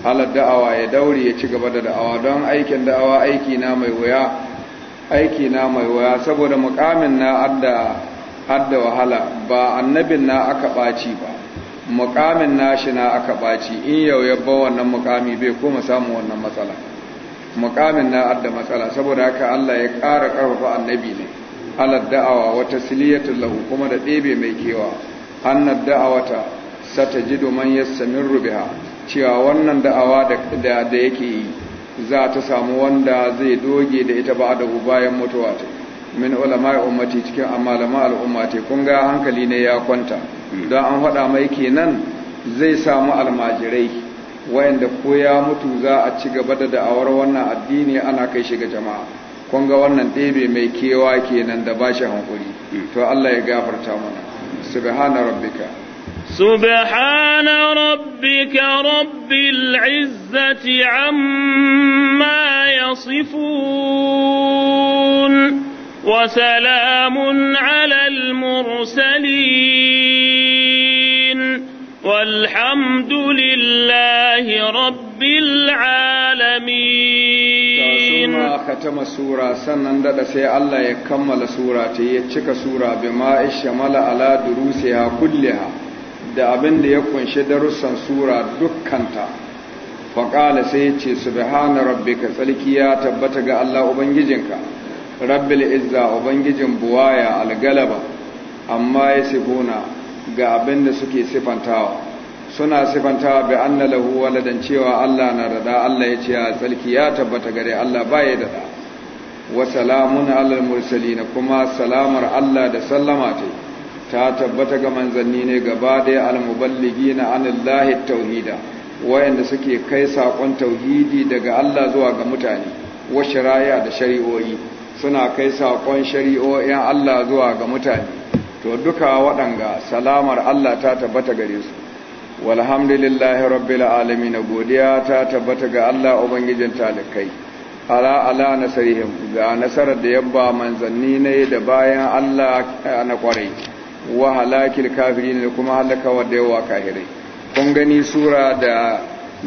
Halar da'awa ya daure ya ci gaba da da'awa don aikin da'awa aiki na mai wuya aiki na mai wuya saboda mukamin na adda wahala ba annabin na aka ɓaci ba mukamin nashi na aka baci in yau yabba wannan mukami bai koma samun wannan matsala mukamin na adda matsala saboda haka Allah ya ƙara ƙarfafa annabi ne alad da'awa wata tasliyatul lahu kuma da ɗebe mai kewa annad da'awata satajidu man yasmiru biha cewa wannan da'awa da da yake yi za ta samu wanda zai doge da ita ba da bayan mutuwa ta min ulama'i ummati cikin amalama al'ummati kun ga hankali ne ya kwanta don an faɗa mai kenan zai samu almajirai wayanda ko ya mutu za a ci gaba da da'awar wannan addini ana kai shiga jama'a kun ga wannan ɗebe mai kewa kenan da bashi hankuri to Allah ya gafarta mana subhana rabbika subhana rabbika rabbil izzati amma yasifun وسلام على المرسلين والحمد لله رب العالمين ختم سورة سنن da sai Allah ya kammala sura ta ya cika sura bi ma ishamala ala durusiha kulliha da abin da ya kunshi darussan sura dukkanta faƙala sai ya ce subhana rabbika tsarki ya tabbata ga Allah ubangijinka rabbil izza ubangijin buwaya algalaba amma ya sifuna ga abinda suke sifantawa suna sifantawa bi anna lahu waladan cewa Allah na rada Allah ya ce a tsalki ya tabbata gare Allah baya da da wa salamun alal mursalin kuma salamar Allah da sallama ta tabbata ga manzanni ne gaba da almuballigina anillahi tauhida wayanda suke kai sakon tauhidi daga Allah zuwa ga mutane wa shari'a da shari'o'i suna kai saƙon shari'o'in Allah zuwa ga mutane to duka waɗanga salamar Allah ta tabbata gare su walhamdulillahi rabbil alamin godiya ta tabbata ga Allah ubangijin talikai ala ala nasarihim ga nasarar da yabba manzanni ne da bayan Allah eh, na kwarai wa halakil kafirin da kuma halaka wa da yawa kahirai kun gani sura da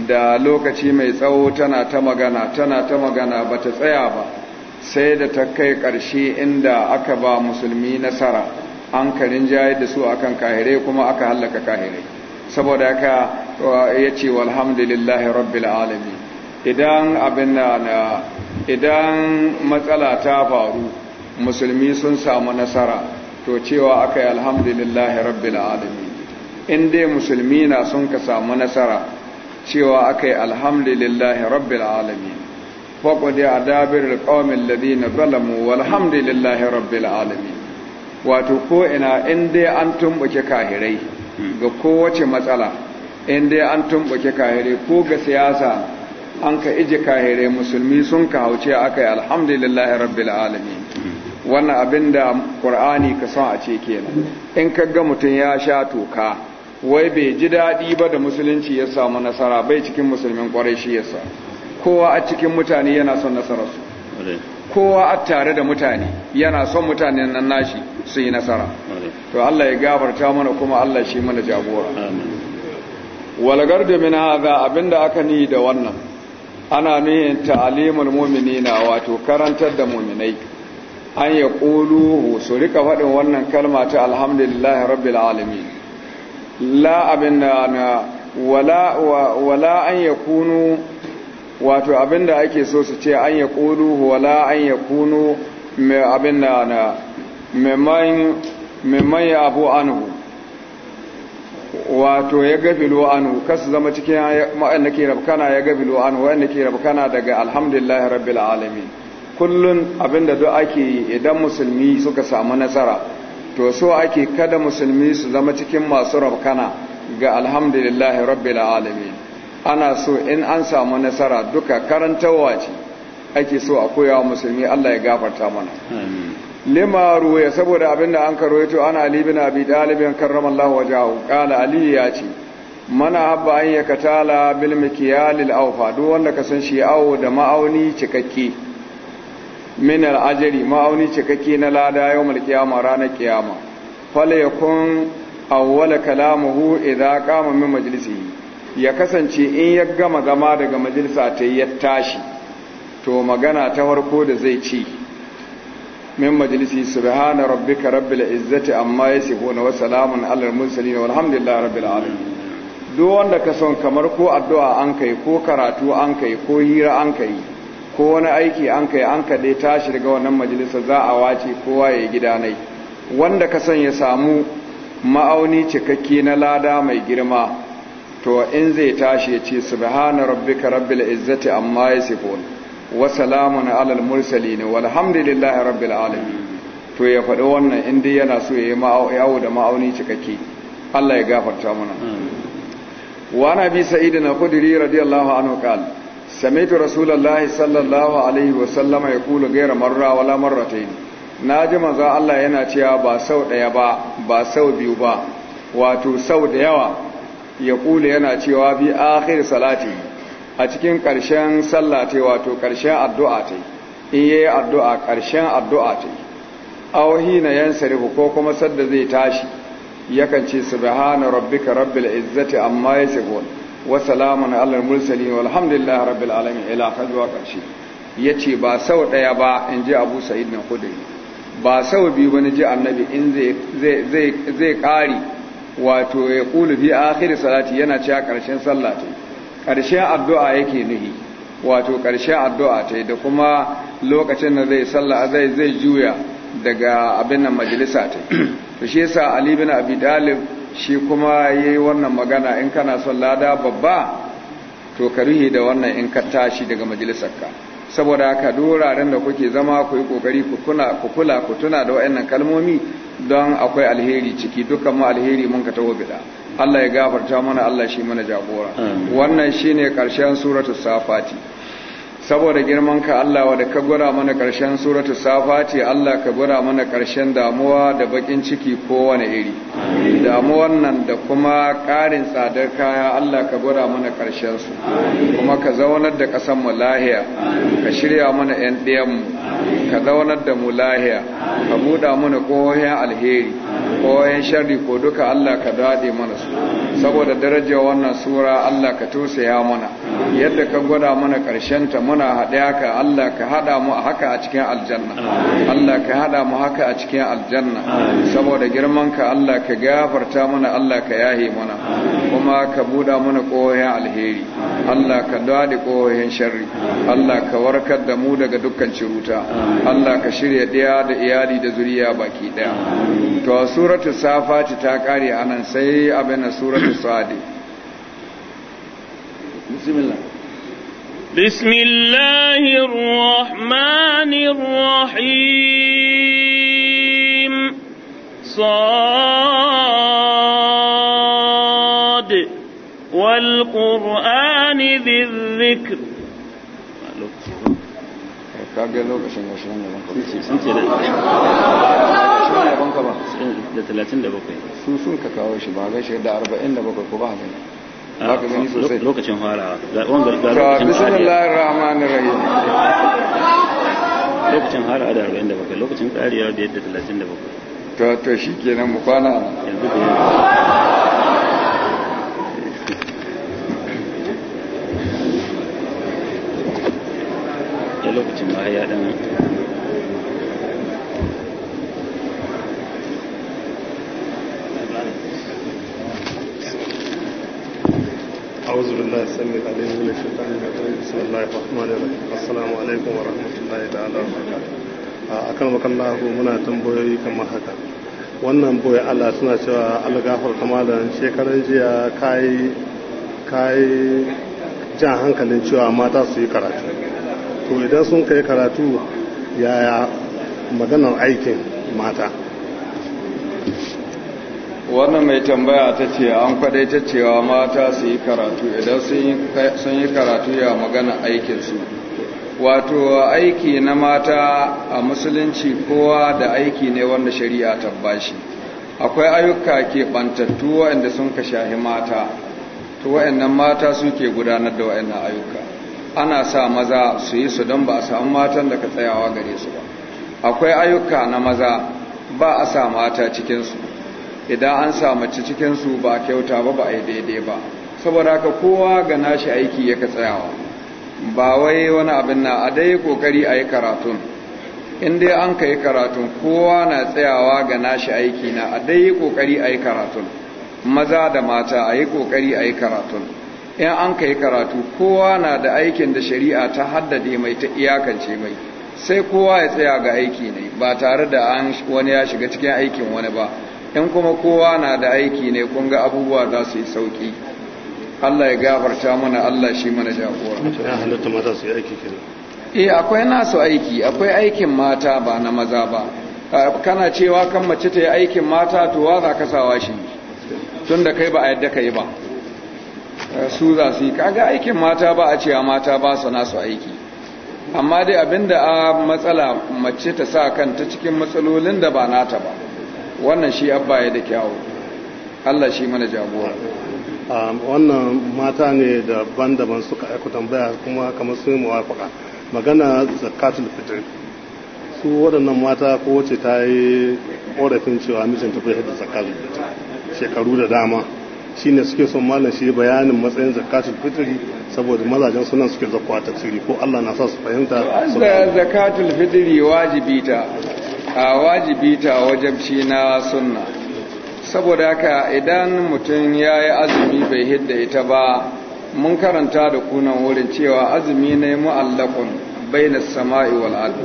da lokaci mai tsawo tana ta magana tana ta magana bata tsaya ba sai da ta kai ƙarshe inda aka ba musulmi nasara an karin jayar da su akan kahire kuma aka hallaka kahire saboda ka ya ce walhamdulillahi rabbil alami idan abin na idan matsala ta faru musulmi sun samu nasara to cewa aka yi alhamdulillahi rabbil alami in musulmi na sun ka samu nasara cewa aka yi alhamdulillahi rabbil alami faƙwade a dabirar ƙaumin ladina zalamu walhamdulillahi rabbil alamin wato ko'ina in dai an tumbuke kahirai ga kowace matsala in dai an tumbuke kahirai ko ga siyasa an ka ije kahirai musulmi sun ka hauce aka yi alhamdulillahi rabbil alamin wannan abin da ƙur'ani ka san a ce kenan in ka ga mutum ya sha toka wai bai ji daɗi ba da musulunci ya samu nasara bai cikin musulmin ƙwarai shi ya samu kowa a cikin mutane yana son nasararsu kowa a tare da mutane yana son mutane nan nashi su yi nasara to Allah ya gafarta mana kuma Allah shi mana jagora walgar da min abinda aka ni da wannan ana nihin ta'alimul mu'minina wato karantar da mu'minai an ya qulu su rika faɗin wannan kalma ta alhamdulillahi rabbil alamin la abin da wala wala an yakunu wato abinda ake so su ce an ya kulu wala an ya kunu mai abin da na mai ya abu anu wato ya gafilo anhu kasu zama cikin ma'ayin da ke rabkana ya gafilo anhu wa'an da ke rabkana daga alhamdulillah rabbil alamin kullun abinda duk ake yi idan musulmi suka samu nasara to so ake kada musulmi su zama cikin masu rabkana ga alhamdulillah rabbil alamin ana so in an samu nasara duka karantarwa ce ake so a koya wa musulmi Allah ya gafarta mana lima ruwaya saboda da an karoyato ana ali bin abi dalibin karramallahu wajahu qala ali ya ce mana habba an tala bil mikyalil awfa duk wanda ka san shi awo da ma'auni cikakke min al ma'auni cikakke na lada yawmal qiyama ranar kiyama fal yakun awwala kalamuhu idza qama min majlisihi ya kasance in ya gama zama daga majalisa ta yi ya tashi to magana ta farko da zai ci min majalisi subhana rabbika rabbil izzati amma yasifuna wa salamun alal mursalin walhamdulillahi rabbil alamin duk wanda ka son kamar ko addu'a an kai ko karatu an kai ko hira an kai ko wani aiki an kai an ka dai tashi daga wannan majalisa za a wace kowa ya gida nai wanda ka son ya samu ma'auni cikakke na lada mai girma to in zai tashi ya ce subhana rabbika rabbil izzati amma yasifun wa salamun alal mursalin walhamdulillahi rabbil alamin to ya faɗi wannan in dai yana so ya yi ma'awo da ma'auni cikakke Allah ya gafarta mana wa na bi sa'id na kudiri radiyallahu anhu qal sami'tu rasulullahi sallallahu alaihi wa sallama yaqulu ghayra marra wala marratayn naji manzo Allah yana cewa ba sau daya ba ba sau biyu ba wato sau da yawa ya kula yana cewa fi akhir salati a cikin ƙarshen sallate wato ƙarshen addu'a ta in yayi addu'a ƙarshen addu'a ta awahi na yan sarifu ko kuma sadda zai tashi yakan ce subhana rabbika rabbil izzati amma yasifun wa salamun alal mursalin walhamdulillahi rabbil alamin ila zuwa ƙarshe yace ba sau daya ba in ji Abu Sa'id na Khudri ba sau biyu bane ji annabi in zai zai zai kari wato ya kulu fi akhir salati yana ci a sallah ta ƙarshen addu'a yake nuhi wato ƙarshen addu'a ta da kuma lokacin da zai zai juya daga abin nan majalisa ta *clears throat* to shi yasa Ali bin Abi shi kuma yayi wannan magana in kana son lada babba to ka ruhi da wannan in ka tashi daga majalisarka saboda haka duraren da kuke zama ku yi kokari ku kula ku tuna da wayannan kalmomi don akwai alheri ciki dukkan mu alheri mun ka tawo bida Allah ya gafarta mana Allah shi mana jagora wannan shine karshen suratul safati saboda girman ka Allah wa da ka gura mana ƙarshen suratu safa ce Allah ka gura mana ƙarshen damuwa da bakin ciki kowane iri damuwan nan da kuma ƙarin tsadar kaya Allah ka gura mana ƙarshen su kuma ka zaunar da ƙasar mu lahiya ka shirya mana ƴan mu ka zaunar da mu lahiya ka buɗa mana ƙohon alheri ƙohon sharri ko duka Allah ka daɗe mana su saboda darajar wannan sura Allah ka tosaya mana yadda ka gwada mana ta muna haɗa haka. Allah ka haɗa mu haka a cikin aljanna Allah ka haɗa mu haka a cikin aljanna saboda girman ka Allah ka gafarta mana Allah ka yahe mana kuma ka buɗa mana ƙohoyin alheri Allah ka dade ƙohoyin sharri Allah ka warkar da mu daga dukkan ciruta Allah ka shirya ɗaya da iyali da zuriya baki ɗaya to a suratu safati ta ƙare anan sai abin suratu sa'adi bismillah بسم الله الرحمن الرحيم صاد القرآن ذي الذكر kage lokacin ya shirin da da talatin da bakwai ka da da bakwai ah, ka lokacin da da lokacin da lokacin da arba'in da bakwai lokacin tsariya da yadda 37 da bakwai to to shikenan mu kwana yanzu da ya dan أعوذ بالله السميع العليم من الشيطان الرجيم بسم الله الرحمن الرحيم السلام عليكم ورحمة الله تعالى وبركاته makallahu muna tambayoyi kamar haka wannan boye Allah suna cewa algafar kamalan shekaran jiya kayi jan hankalin cewa mata su yi karatu to idan sun kai karatu yaya maganar aikin mata wannan mai tambaya ta ce an kwadaita cewa mata su yi karatu idan sun yi karatu ya magana aikinsu wato aiki na mata a musulunci kowa da aiki ne wanda shari'a ta bashi akwai ayyuka ke bantattu waɗanda sun ka shahi mata to waɗannan mata suke gudanar da waɗannan ayyuka ana sa maza su yi su don ba a samu matan da ka tsayawa gare su ba akwai ayyuka na maza ba a sa mata cikinsu idan an sa mace cikinsu ba kyauta ba ba a yi daidai ba saboda haka kowa ga nashi aiki ya ka tsayawa ba wai wani abin na a dai kokari a yi karatun in dai an ka yi karatun kowa na tsayawa ga nashi aiki na a dai kokari a yi karatun maza da mata a yi kokari a yi karatun in an kai karatu kowa na da aikin da shari'a ta haddade mai ta iyakance mai sai kowa ya tsaya ga aiki ne ba tare da an wani ya shiga cikin aikin wani ba in kuma kowa na da aiki ne kun ga abubuwa za su yi sauki Allah ya gafarta mana Allah shi mana jagora eh akwai nasu aiki akwai aikin mata ba na maza ba kana cewa kan mace ta yi aikin mata to wa za ka sawa shi tunda kai ba a yadda yi ba Eh, su za su yi kaga aikin mata ba a cewa mata ba su nasu aiki amma dai abinda a matsala mace ta sa kanta cikin matsalolin da ba nata ba wannan shi abba ya da kyawo Allah shi mana jagora um, wannan mata ne daban-daban suka aiko tambaya kuma kamar sun muwafaka magana zakatul fitr su waɗannan mata ko wace ta yi ƙorafin cewa mijinta bai da zakatul fitr shekaru da dama shine suke son malam shi bayanin matsayin zakatul fitri saboda mazajen sunan suke zakwa ta tsiri ko Allah na sa su fahimta su zakatul fitri wajibi ta a wajibi ta wajabci na sunna saboda haka idan mutum ya yi azumi bai hidda ita ba mun karanta da kunan wurin cewa azumi ne bai na sama'i wal'adu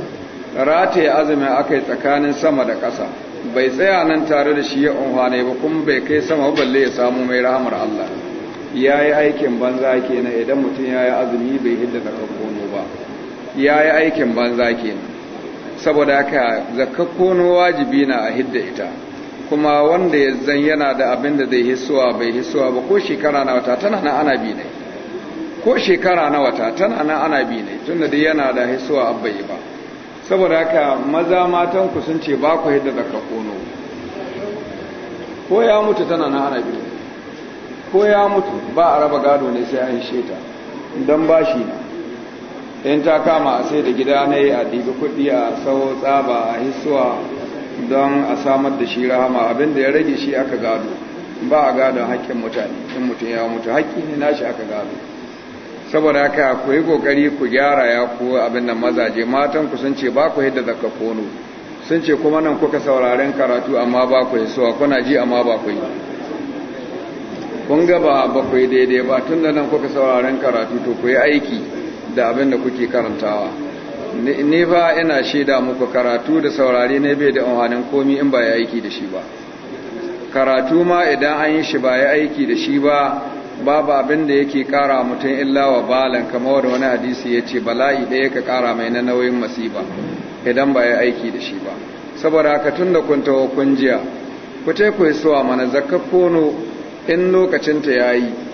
ard rataye azumi yi tsakanin sama da ƙasa bai tsaya nan tare da shi ya unhwane ba kuma bai kai sama balle ya samu mai rahamar Allah ya yi aikin banza kenan idan mutum ya yi azumi bai hidda da kono ba ya yi aikin banza kenan saboda haka zakar kono wajibi na a hidda ita kuma wanda ya zan yana da abin da zai hisuwa bai hisuwa ba ko shekara na wata tana na ana bi ne ko shekara na wata tana na ana bi ne tunda dai yana da hisuwa yi ba saboda haka maza matan ku sun ce ba ku yadda da kono ko ya mutu tana na ana biyu ko ya mutu ba a raba gado ne sai an sheta don ba shi na in ta kama a sai da gida na yi a ɗibi kuɗi a sau tsaba a hisuwa don a samar da shi rahama abinda ya rage shi aka gado ba a gadon haƙƙin mutane in mutum ya mutu haƙƙi ne na shi aka gado saboda haka ku yi kokari ku gyara ya ku abin nan mazaje matan ku sun ce ba ku hidda zakka kono sun ce kuma nan kuka sauraren karatu amma ba ku hisuwa kuna ji amma ba ku yi kun ga ba ba ku yi daidai ba tun da nan kuka sauraren karatu to ku yi aiki da abin da kuke karantawa ni ba ina shaida muku karatu da saurare ne bai da amfanin komi in ba ya aiki da shi ba karatu ma idan an yi shi ba ya aiki da shi ba babu abin da yake kara mutum illa wa balan kamar wani hadisi ya ce bala'i ɗaya ka kara mai na nauyin masiba idan ba ya aiki da shi ba saboda haka tun da kun tawo kun jiya ku ce ku yi suwa mana zakka in lokacinta ya yi